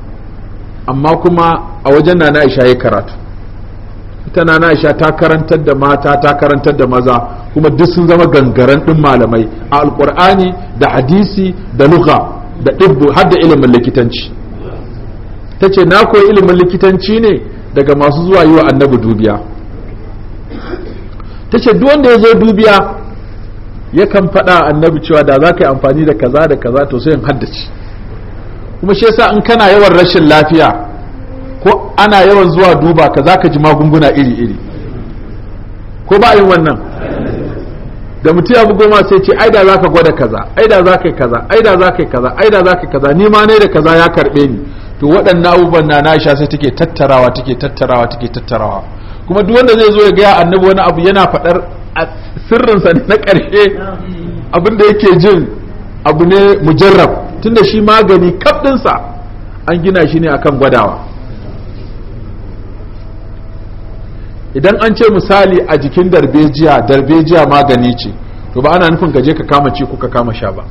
amma kuma a wajen nana aisha ya karatu ita nana aisha ta karantar da mata ta karantar da maza kuma duk sun zama gangaran din malamai a alkur'ani da hadisi da lugha da dibbu har da ilimin likitanci ta ce na koyi ilimin likitanci ne daga masu zuwa yi wa annabi dubiya ta ce wanda ya zo dubiya yakan faɗa annabi cewa da za ka yi amfani da kaza da kaza to sai in haddace kuma shi yasa in kana yawan rashin lafiya ko ana yawan zuwa duba ka za ka ji magunguna iri-iri ko ba yin wannan da mutum ya bugo ma sai ce ai da za ka gwada kaza ai da za ka kaza ai da za ka kaza ai da za ka kaza ni ma ne da kaza ya karbe ni to waɗannan abubuwan na na sha sai take tattarawa take tattarawa take tattarawa kuma duk wanda zai zo ya gaya annabi wani abu yana faɗar sirrinsa na ƙarshe abin da yake jin abu ne mujarrab tunda shi magani kaf ɗinsa an gina shi ne akan gwadawa idan an ce misali a jikin darbejiya darbejiya magani ce to ba ana nufin ka je ka kama ci ko ka kama sha ba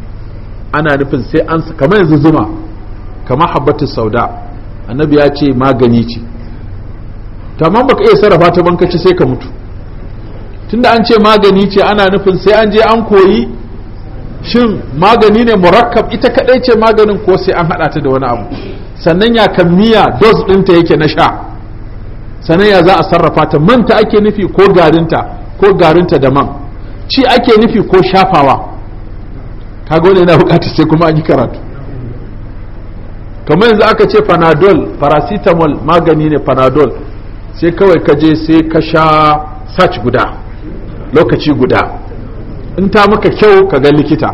ana nufin sai an kamar yanzu zuma kama habbatu sauda annabi ya ce magani ce tamam baka iya sarrafa ta bankaci sai ka mutu tunda an ce magani ce ana nufin sai an je an koyi shin magani ne murakkab ita kadai ce maganin ko sai an hada ta da wani abu sannan ya kammiya dose ɗinta yake na sha sannan ya za a sarrafa ta manta ake nufi ko garinta ko garinta da man ci ake nufi ko shafawa kaga wani yana bukatar sai kuma an yi karatu kamar yanzu aka ce panadol paracetamol magani ne panadol sai kawai ka je sai ka sha sach guda lokaci guda in ta maka kyau ka ga likita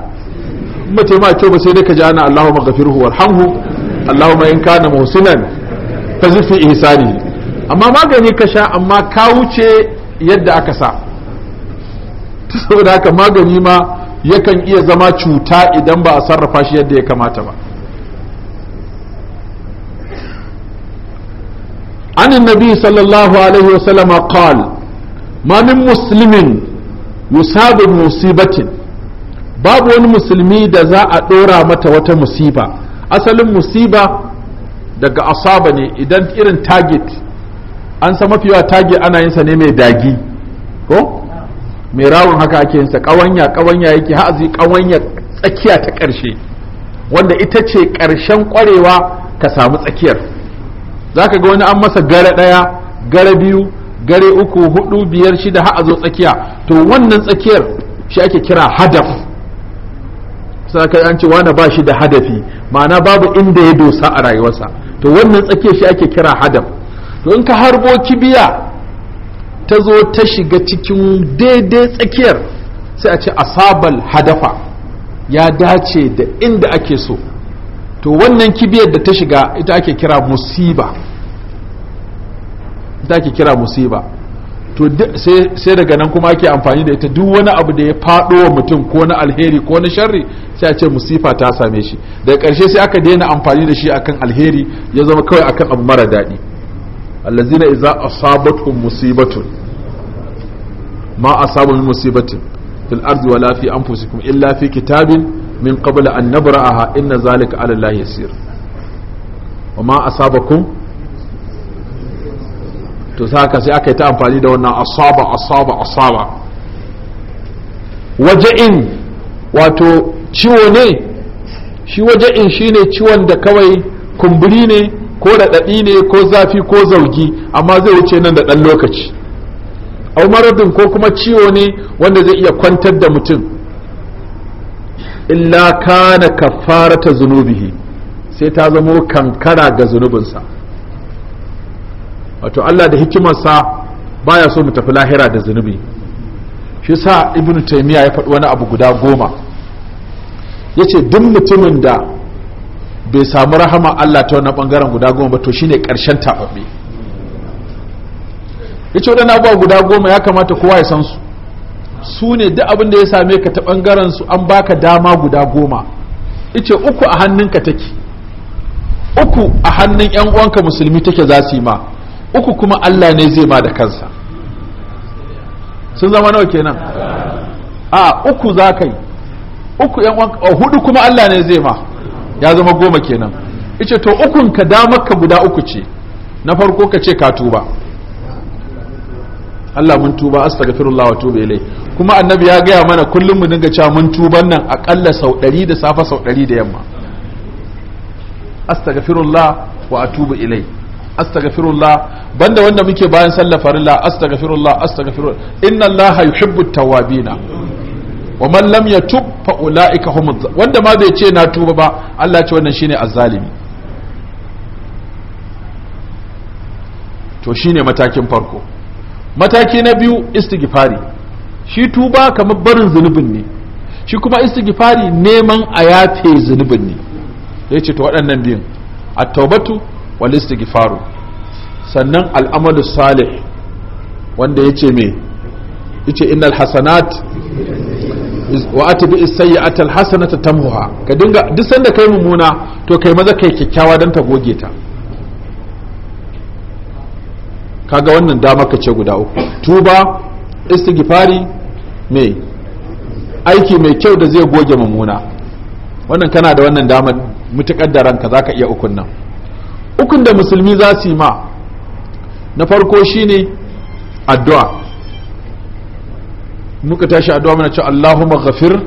in ba taimaka ma kyau ba sai dai ka ji ana Allahumma ghafirhu warhamhu Allahumma in kana muhsinan fa zifi ihsani amma magani ka sha amma ka wuce yadda aka sa saboda haka magani ma yakan iya zama cuta idan ba a sarrafa shi yadda ya kamata ba عن النبي صلى الله عليه وسلم قال ما من مسلم يصاب بمصيبة babu wani musulmi da za a ɗora mata wata musiba asalin musiba daga asaba ne idan irin target an sa mafiwa taget ana yinsa ne mai dagi ko mai rawun haka ake yinsa ƙawanya ƙawanya yake ha'azi ƙawanya tsakiya ta ƙarshe wanda ita ce ƙarshen ƙwarewa ka samu tsakiyar za ka ga wani an masa gare ɗaya gare biyu gare uku hudu biyar shida har a zo tsakiya to wannan tsakiyar shi ake kira hadaf sai yi an ce wani ba shi da hadafi ma'ana babu inda ya dosa a rayuwarsa to wannan tsakiyar shi ake kira hadaf to in ka harbo kibiya ta zo ta shiga cikin daidai tsakiyar sai a ce asabal hadafa ya dace da inda ake so to wannan kibiyar da ta shiga ita ake kira musiba ita ake kira musiba to sai daga nan kuma ake amfani da ita duk wani abu da ya fado wa mutum ko na alheri ko na sharri sai a ce musifa ta same shi daga karshe sai aka daina amfani da shi akan alheri ya zama kawai akan abu mara daɗi allazina iza asabatkum musibatun ma asabu min musibatin fil ardi wala fi anfusikum illa fi kitabin min qabla an nabra'aha inna zalika ala Allah yasir wa ma asabakum to saka sai aka yi ta amfani da wannan asaba asaba asaba waja'in wato ciwo ne shi waja'in shine ciwon da kawai kumburi ne ko raɗaɗi ne ko zafi ko zaugi amma zai wuce nan da ɗan lokaci au maradin ko kuma ciwo ne wanda zai iya kwantar da mutum illa kana kafarata zunubihi sai ta zamo kankara ga zunubinsa wato Allah da hikimarsa baya so mu tafi lahira da zunubi shi sa ibnu taymiya ya faɗi wani abu guda goma yace duk mutumin da bai samu rahama Allah ta wannan bangaren guda goma ba to shine karshen tafabe yace wannan abu guda goma ya kamata kowa ya san su su ne duk abin da ya same ka ta ɓangaren su an baka dama guda goma ice uku a hannunka take uku a hannun yan uwanka musulmi take za su yi ma uku kuma Allah ne zai ma da kansa sun zama nawa kenan a uku za ka yi uku yan uwanka hudu kuma Allah ne zai ma ya zama goma kenan ice to ukun ka damar ka guda uku ce na farko ka ce ka tuba Allah mun tuba astaghfirullah wa tuba ilai kuma annabi ya gaya mana kullum mu dinga cewa mun tuban nan akalla sau ɗari da safa sau ɗari da yamma astaghfirullah wa atubu ilai astaghfirullah banda wanda muke bayan sallah farilla astaghfirullah astaghfirullah inna allaha yuhibbu tawwabina wa man lam yatub fa ulaika hum wanda ma bai ce na tuba ba Allah ya ce wannan shine azzalimi to shine matakin farko mataki na biyu istighfari shi tuba kamar barin zunubin ne shi kuma istighfari neman a yafe zunubin ne ya ce to waɗannan biyun a taubatu wal istighfaru sannan Al'amadu salih wanda ya ce me ce innal hasanat wa atbi bi sayyiata al-hasanata tamhuha ka dinga duk sanda kai mummuna to kai maza kai kyakkyawa dan ta goge ta kaga wannan damar ka ce guda uku tuba istighfari me aiki mai kyau da zai goge mummuna wannan kana da wannan damar mutukar da ranka zaka iya ukun nan ukun da musulmi za su yi ma na farko shine addu'a muka tashi addu'a muna cewa Allahumma ghafir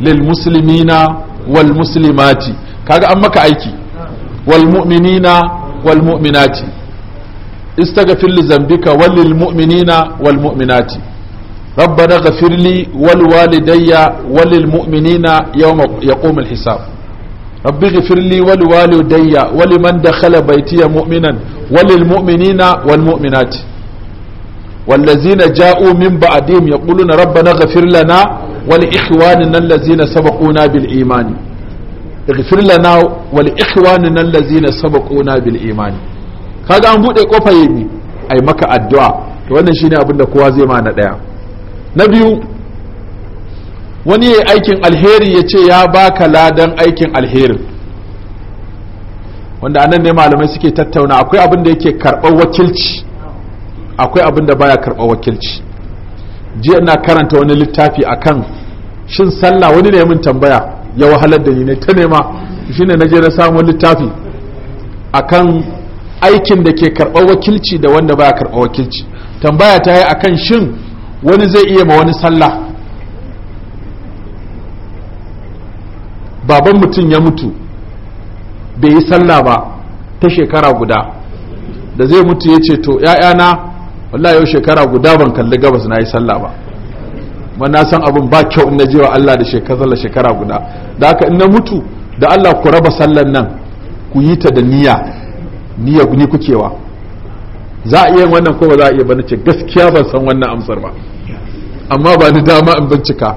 lil muslimina wal muslimati kaga an maka aiki wal mu'minina wal mu'minati استغفر لذنبك وللمؤمنين والمؤمنات ربنا اغفر لي ولوالدي وللمؤمنين يوم يقوم الحساب ربي اغفر لي ولوالدي ولمن دخل بيتي مؤمنا وللمؤمنين والمؤمنات والذين جاءوا من بعدهم يقولون ربنا اغفر لنا ولإخواننا الذين سبقونا بالإيمان اغفر لنا ولإخواننا الذين سبقونا بالإيمان kaga an buɗe kofa yi ai maka addu'a to wannan shine abin da kowa zai ma na ɗaya na biyu wani yayi aikin alheri ya ce ya baka ladan aikin alheri. wanda anan ne malamai suke tattauna akwai abin da yake karɓar wakilci akwai abin da baya karɓar wakilci jiya ina karanta wani littafi akan shin sallah wani ne min tambaya ya wahalar da ni ne ta nema shine na je na samu littafi akan aikin da ke karɓar wakilci da wanda ba karɓar wakilci tambaya ta yi akan shin wani zai iya ma wani sallah baban mutum ya mutu bai yi sallah ba ta shekara guda da zai mutu ya ce to ‘ya'yana wallahi yau shekara guda ban kalli gabas na yi sallah ba ma na san abin ba kyau in na je wa Allah da shekara shekara guda da haka in na mutu da Allah ku raba sallan nan ku yi ta da niyya ni ya ni kukewa za a iya wannan ko ba za a iya bane ce gaskiya ban san wannan amsar ba amma ba ni dama in bincika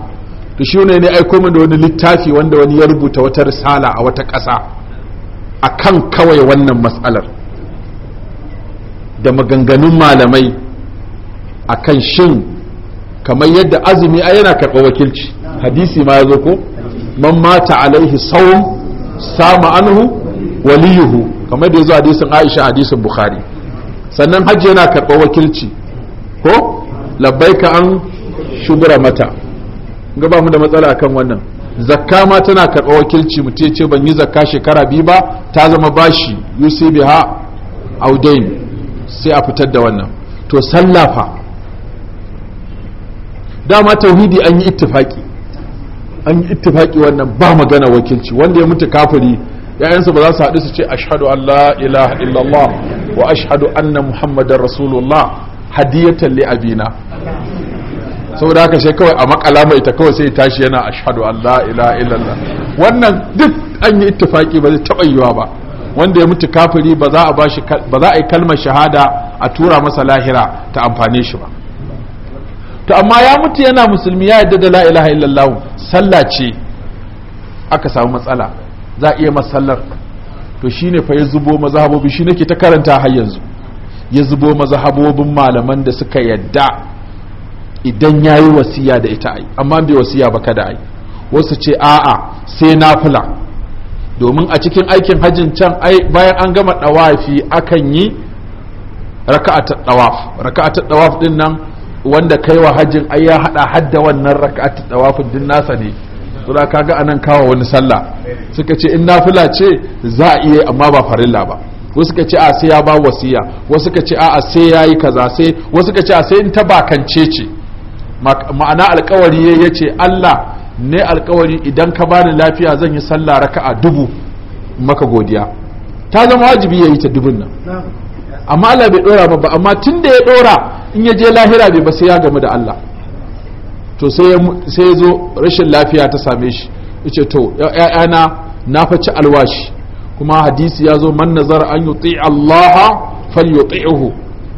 to shi ne ne aiko min da wani littafi wanda wani ya rubuta wata risala a wata ƙasa akan kawai wannan matsalar da maganganun malamai akan shin kamar yadda azumi a yana karɓar wakilci hadisi ma ya zo ko man mata alaihi sawun sama anhu waliyuhu kamar da ya zo hadisin aisha hadisin bukhari sannan hajji yana karɓar wakilci ko ka an shubura mata ga ba mu da matsala akan wannan zakka ma tana karɓa wakilci mu ce ban yi zakka shekara biyu ba ta zama bashi bi ha audain sai a fitar da wannan to sallafa dama tauhidi an yi ittifaki an yi ittifaki wannan ba magana wakilci wanda ya mutu kafiri yayansu ba za su haɗu su ce ashhadu an la ilaha illallah wa ashhadu anna talle rasulullah hadiyatan li abina saboda haka sai kawai a makala mai ta kawai sai tashi yana ashhadu an la ilaha illallah wannan duk an yi ittifaki ba zai taɓa yiwa ba wanda ya mutu kafiri ba za a ba za a yi kalmar shahada a tura masa lahira ta amfane shi ba to amma ya mutu yana musulmi ya yarda da la ilaha illallah sallah ce aka samu matsala za a iya masallar to shi ne fa ya zubo mazahabobi shi nake ta karanta har yanzu ya zubo mazahabobin malaman da suka yadda idan ya yi wasiya da ita ai amma bai wasiya ba kada ai wasu ce a'a sai na fula domin a cikin aikin hajjin can bayan an gama dawafi akan yi raka'atul dawaf raka'atul dawaf din nan wanda kaiwa hajjin ai ya hada hadda wannan raka'atul dawafin din nasa ne suna kaga anan kawo wani sallah suka ce in nafila ce za a iya amma ba farilla ba wasu suka ce a sai ya ba wasiya wasu suka ce a sai ya yi kaza sai wasu suka ce a sai in ta bakance ce ma'ana alkawari ya ce Allah ne alkawari idan ka bani lafiya zan yi sallah a dubu maka godiya ta zama wajibi ya yi ta dubun nan amma Allah bai dora ba amma tunda ya dora in ya je lahira bai ba sai ya gamu da Allah to sai ya zo rashin lafiya ta same shi ce to ‘ya'yana na faci alwashi kuma hadisi ya zo man nazar an yuti Allaha fal yuti'uhu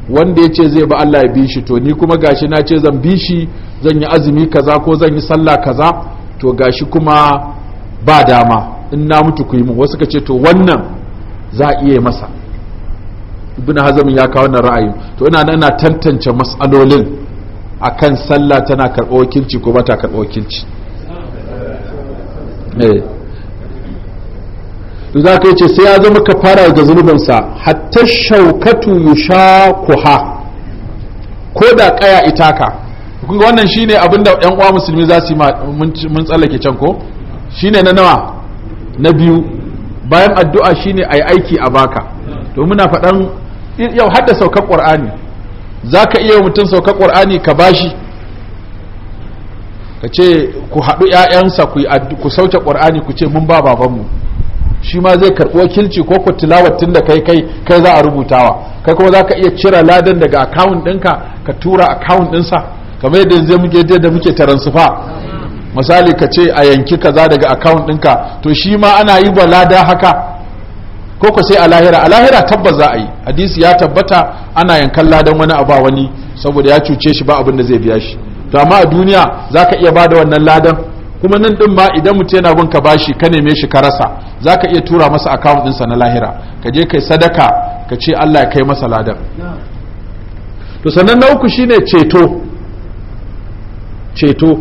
wanda ya ce zai ba Allah ya bi shi to ni kuma gashi na ce zan bi shi zan yi azumi kaza ko zan yi sallah kaza to gashi kuma ba dama in na mutu ku yi mu wasu ka ce to wannan za a iya masa ibn hazamin ya kawo wannan ra'ayi to ina ina tantance mas'alolin akan sallah tana karɓo wakilci ko bata ta karɓo wakilci eh. to za ka ce sai ya zama ka fara ga zunubinsa hatta shaukatu sha kuha ko da kaya itaka kun wannan shine abin da yan uwa musulmi za su yi mun tsallake can ko shine na nawa na biyu bayan addu'a shine yi aiki a baka to muna faɗan yau hadda saukar qur'ani za ka iya mutum sauka ƙwar'ani ka bashi ka ce ku haɗu 'ya'yansa ku sauke ƙwar'ani ku ce mun ba babanmu shi ma zai karɓi wakilci ko ku tilawattun da kai kai kai za a rubutawa kai kuma za ka iya cira ladan daga akawun ɗinka ka tura akawun ɗinsa kamar yadda yanzu muke da muke taransifa misali ka ce a yanki kaza daga akawun ɗinka to shi ma ana yi wa lada haka ko ku sai a lahira a lahira tabbas za a yi hadisi ya tabbata ana yankan ladan wani a ba wani saboda ya cuce shi ba abin da zai biya shi to amma a duniya za ka iya bada wannan ladan kuma nan din ma idan mutum yana bin ka bashi ka neme shi ka rasa za ka iya tura masa account sa na lahira ka je kai sadaka ka ce Allah ya kai masa ladan to sannan na uku shine ceto ceto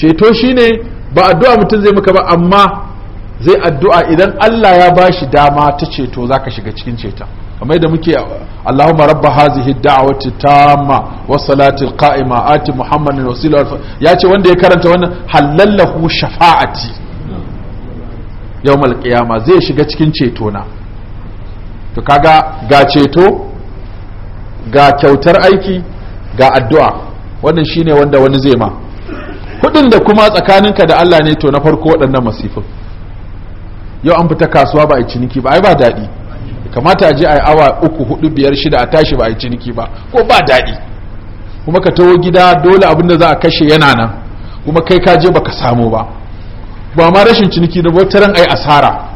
ceto shine ba addu'a mutum zai maka ba amma zai addu'a idan Allah ya ba shi dama ta ceto za ka shiga cikin ceta kamar da muke Allahumma rabba hazihi da'awati tamma was salatil qa'ima ati muhammadin wasila ya ce wanda ya karanta wannan halallahu shafa'ati yawmal qiyama zai shiga cikin ceto na to kaga ga ceto ga kyautar aiki ga addu'a wannan shine wanda wani zai ma Kuɗin da kuma tsakaninka da Allah ne to na farko waɗannan masifin yau an fita kasuwa ba a ciniki ba ai ba daɗi kamata a je a yi awa uku hudu biyar shida a tashi ba a yi ciniki ba ko ba daɗi kuma ka taho gida dole abin da za a kashe yana nan kuma kai ka je baka samu ba ba ma rashin ciniki da wata ran ai asara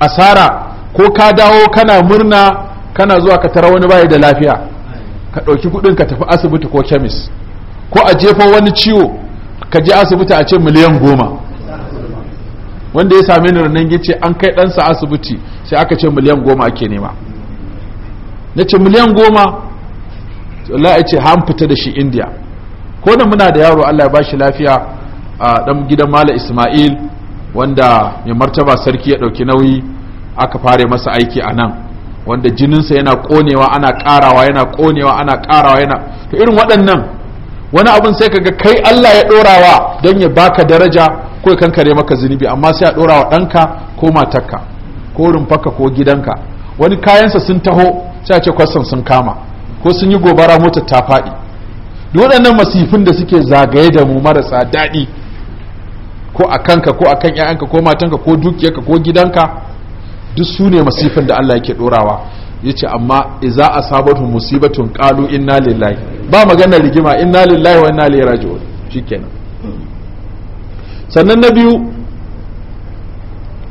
asara ko ka dawo kana murna kana zuwa ka tara wani bayi da lafiya ka ɗauki kuɗin ka tafi asibiti ko kemis ko a jefa wani ciwo ka je asibiti a ce miliyan goma wanda ya same ni nan gice an kai ɗansa asibiti sai aka ce miliyan goma ake nema na ce miliyan goma Allah ya ce han fita da shi indiya ko da muna da yaro Allah ya ba shi lafiya a ɗan gidan mala ismail wanda mai martaba sarki ya ɗauki nauyi aka fare masa aiki a nan wanda jininsa yana ƙonewa ana ƙarawa yana ƙonewa ana ƙarawa yana to irin waɗannan wani abin sai kaga kai Allah ya ɗorawa don ya baka daraja ko ya kankare maka zunubi amma sai a dora wa ɗanka ko matarka ko rumfaka ko gidanka wani kayansa sun taho sai a ce kwasan sun kama ko sun yi gobara motar ta faɗi duk waɗannan masifin da suke zagaye da mu marasa daɗi ko a kanka ko a kan ‘ya'yanka ko matanka ko dukiyarka ko gidanka duk su ne masifin da Allah yake ɗorawa ya ce amma iza a sabatun musibatun ƙalu inna lillahi ba maganar rigima inna lillahi wa inna lillahi raji'un kenan sannan na biyu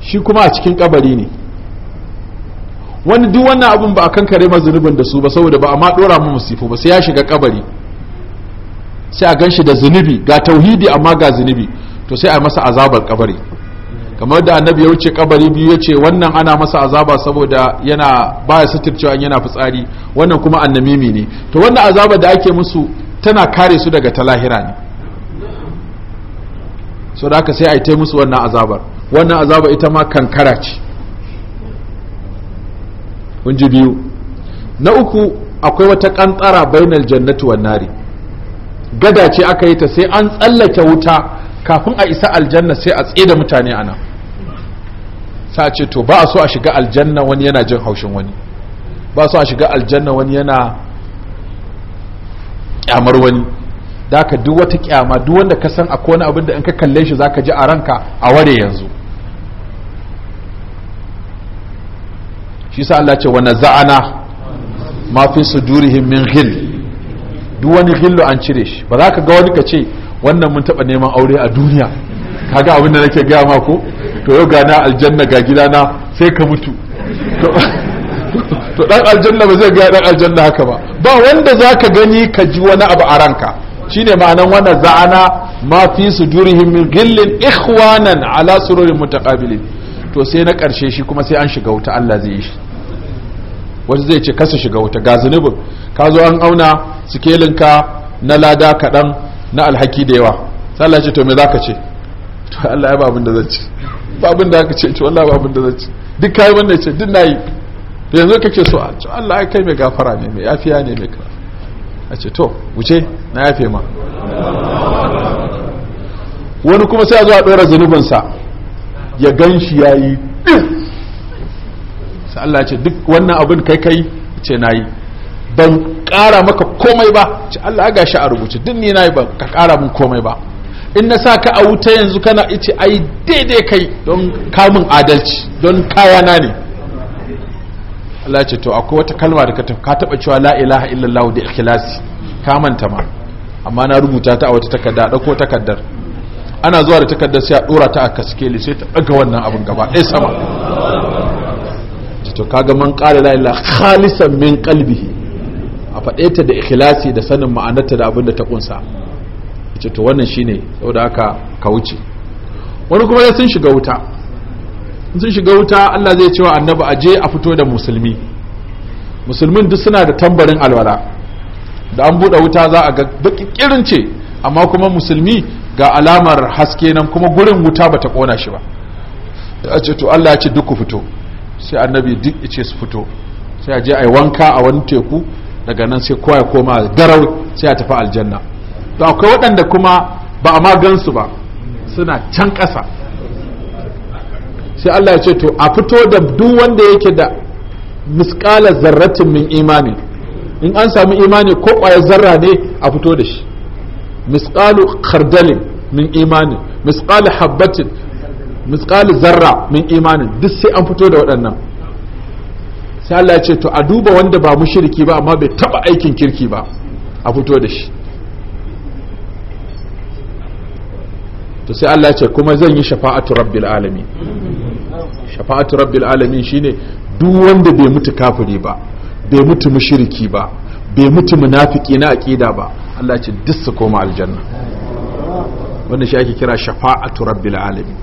shi kuma a cikin kabari ne wani duk wannan abin ba a kare ma zunubin da su ba saboda ba a ma dora mu musifu ba sai ya shiga kabari sai a gan shi da zunubi ga tauhidi amma ga zunubi to sai a masa azabar kabari kamar da annabi ya wuce kabari biyu ya ce wannan ana masa azaba saboda yana baya cewa yana fitsari wannan kuma annamimi ne to wannan azabar da ake musu tana kare su daga talahira ne so da aka sai a yi ta musu wannan azabar wannan azabar ita ma kankara ce kun biyu na uku akwai wata kantara bainal jannatu wan nari gada ce aka yi ta sai an tsallake wuta kafin a isa aljanna sai a tsaye da mutane ana sa ce to ba a so a shiga aljanna wani yana jin haushin wani ba a so a shiga aljanna wani yana kyamar wani da ka duk wata kyama duk wanda ka san akwai wani abin da in ka kalle shi ka ji a ranka a ware yanzu shi sa Allah ce wa za'ana ma fi durihin min ghil duk wani ghillu an cire shi ba za ka ga wani ka ce wannan mun taba neman aure a duniya ga abin da nake gaya ma ko to yau ga na aljanna ga gidana sai ka mutu to dan aljanna ba zai ga dan aljanna haka ba ba wanda zaka gani ka ji wani abu a ranka shine ma'anan wannan za'ana ma fi sudurihim min ghillin ikhwanan ala sururin mutaqabilin to sai na karshe shi kuma sai an shiga wuta Allah zai yi shi Wani zai ce kasa shiga wuta ga zunubin ka zo an auna sikelinka na lada kaɗan na alhaki da yawa sai Allah ce to me zaka ce to Allah ya ba abin da zan ce ba abin da ce to Allah ba abin da zan ce duk kai ya ce duk nayi to yanzu kake so a to Allah ya kai mai gafara ne mai yafiya ne mai kafa a ce to wuce na yafe ma wani kuma sai a zo a ɗora zunubinsa ya gan shi ya yi sai Allah ce duk wannan abin kai kai ce na yi ban ƙara maka komai ba ce Allah ga shi a rubuce duk ni na yi ba ka ƙara min komai ba in na sa ka a wuta yanzu kana ice ai daidai kai don kamun adalci don kayana ne Allah ya ce to akwai wata kalma da ka taba cewa la ilaha illallah da ikhlasi ka manta ma amma na rubuta ta a wata takarda dauko takardar ana zuwa da takardar sai a dora ta a kaskeli sai ta daga wannan abin gaba ɗaya sama to kaga man qala la ilaha khalisan min qalbihi a fade ta da ikhlasi da sanin ma'anarta da abin da ta kunsa to wannan shine saboda haka ka wuce wani kuma ya sun shiga wuta in sun shiga wuta Allah zai cewa annabi a je a fito da musulmi musulmin duk suna da tambarin alwala da an buɗe wuta za a ga bakikirin ce amma kuma musulmi ga alamar haske nan kuma gurin wuta bata kona shi ba a ce to Allah ya ce duk ku fito sai annabi duk ya ce su fito sai a je a yi wanka a wani teku daga nan sai kowa ya koma garau sai a tafi aljanna to akwai waɗanda kuma ba a ma gansu ba suna can ƙasa sai Allah ya ce to a fito da duk wanda yake da miskala zarratin min imani in an sami imani ko kwaya zarra ne a fito da shi misqalu khardalin min imani misqalu habbatin misqalu zarra min imani duk sai an fito da waɗannan sai Allah ya ce to a duba wanda ba mushriki ba amma bai taba aikin kirki ba a fito da shi to sai Allah ce kuma zan yi shafa'atu rabbil alamin shafa'atu rabbil alamin shine duk wanda bai mutu kafiri ba bai mutu mushriki ba bai mutu munafiki na aqida ba Allah ce duk su koma aljanna wanda shi ake kira shafa'atu rabbil alamin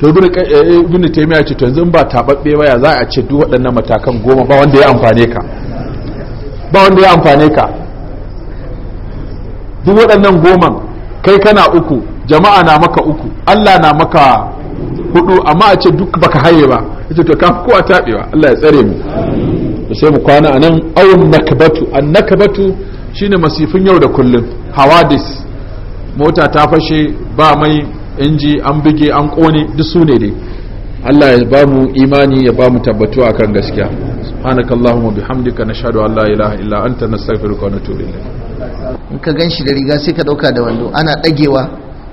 to ibn eh, eh, taymiya ce to yanzu ba tababbe ba ya za a ce duk waɗannan matakan goma ba wanda ya amfane ka ba wanda ya amfane ka duk waɗannan goman kai kana uku jama'a na maka uku Allah na maka hudu amma a ce duk baka haye ba yace to kafi kowa tabewa Allah ya tsare mu sai mu kwana anan awun nakbatu an nakbatu shine masifin yau da kullum hawadis mota ta fashe ba mai inji an bige an kone duk su dai Allah ya ba mu imani ya ba mu tabbatuwa akan gaskiya allahumma bihamdika nashhadu an la ilaha illa anta nastaghfiruka wa natubu ilayk in ka ganshi da riga sai ka dauka da wando ana dagewa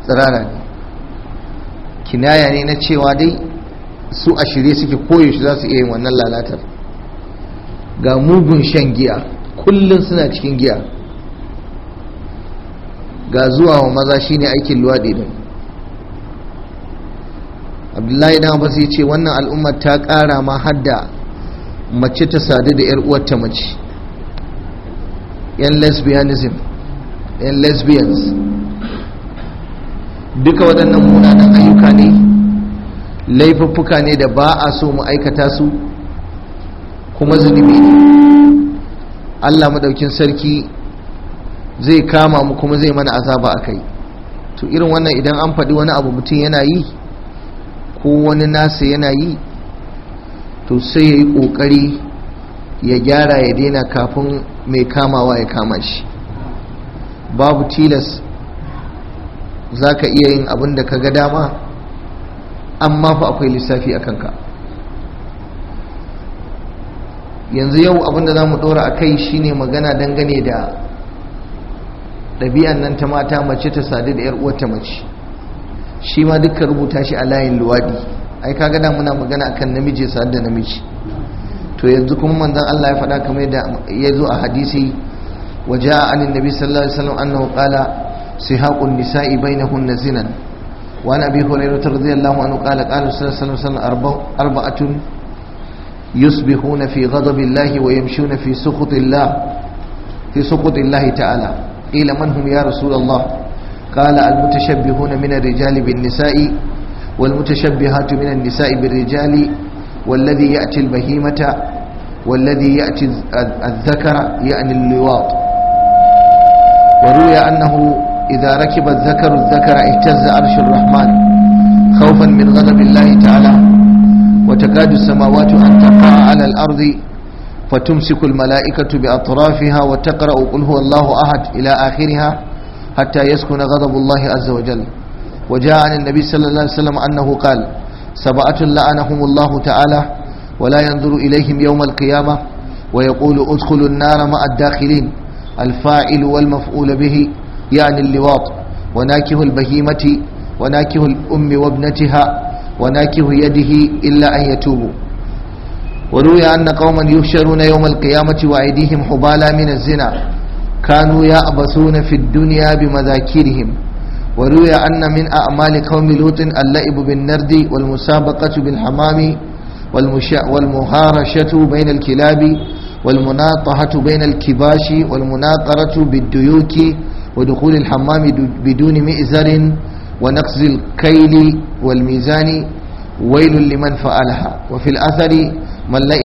tsirara ne kinaya ne na cewa dai su a shirye suke koyaushe za su iya yin wannan lalatar ga mugun shan giya kullum suna cikin giya ga zuwa wa maza shine aikin luwaɗi din abdullahi dan ya ce wannan al'ummar ta ƙara ma hadda mace ta sadu da yar uwarta mace yan lesbianism yan lesbians duka waɗannan munanan ayyuka ne laifuffuka ne da ba a so mu aikata su kuma zunubi ne allah maɗaukin sarki zai kama mu kuma zai mana azaba a kai to irin wannan idan an faɗi wani abu mutum yana yi ko wani nasa yana yi to sai ya yi ƙoƙari ya gyara ya daina kafin mai kamawa ya kama shi babu tilas za ka iya yin abin da ka ga dama amma fa akwai lissafi a kanka yanzu yau abin da za mu ɗora a kai shine magana dangane da ɗabi'an nan ta mata mace ta sadu da 'yar uwarta mace shi ma duka rubuta shi a layin luwaɗi ai ka da muna magana akan namiji sadu da namiji to yanzu kuma manzon Allah ya faɗa kamar yadda ya zo a hadisi waje a annabi sallallahu alaihi wasallam annahu qala سهاق النساء بينهن زنا وعن أبي هريرة رضي الله عنه قال قال صلى الله عليه وسلم أربعة يصبحون في غضب الله ويمشون في سخط الله في سخط الله تعالى قيل من هم يا رسول الله قال المتشبهون من الرجال بالنساء والمتشبهات من النساء بالرجال والذي يأتي البهيمة والذي يأتي الذكر يعني اللواط وروي أنه إذا ركب الذكر الذكر اهتز عرش الرحمن خوفا من غضب الله تعالى وتكاد السماوات أن تقع على الأرض فتمسك الملائكة بأطرافها وتقرأ قل هو الله أحد إلى آخرها حتى يسكن غضب الله عز وجل وجاء عن النبي صلى الله عليه وسلم أنه قال سبعة لعنهم الله تعالى ولا ينظر إليهم يوم القيامة ويقول ادخلوا النار مع الداخلين الفاعل والمفعول به يعني اللواط وناكه البهيمة وناكه الأم وابنتها وناكه يده إلا أن يتوبوا وروي أن قوما يحشرون يوم القيامة وأيديهم حبالا من الزنا كانوا يأبسون في الدنيا بمذاكيرهم وروي أن من أعمال قوم لوط اللعب بالنرد والمسابقة بالحمام والمهارشة بين الكلاب والمناطحة بين الكباش والمناقرة بالديوك ودخول الحمام بدون مئزر ونقص الكيل والميزان ويل لمن فعلها وفي الأثر من لا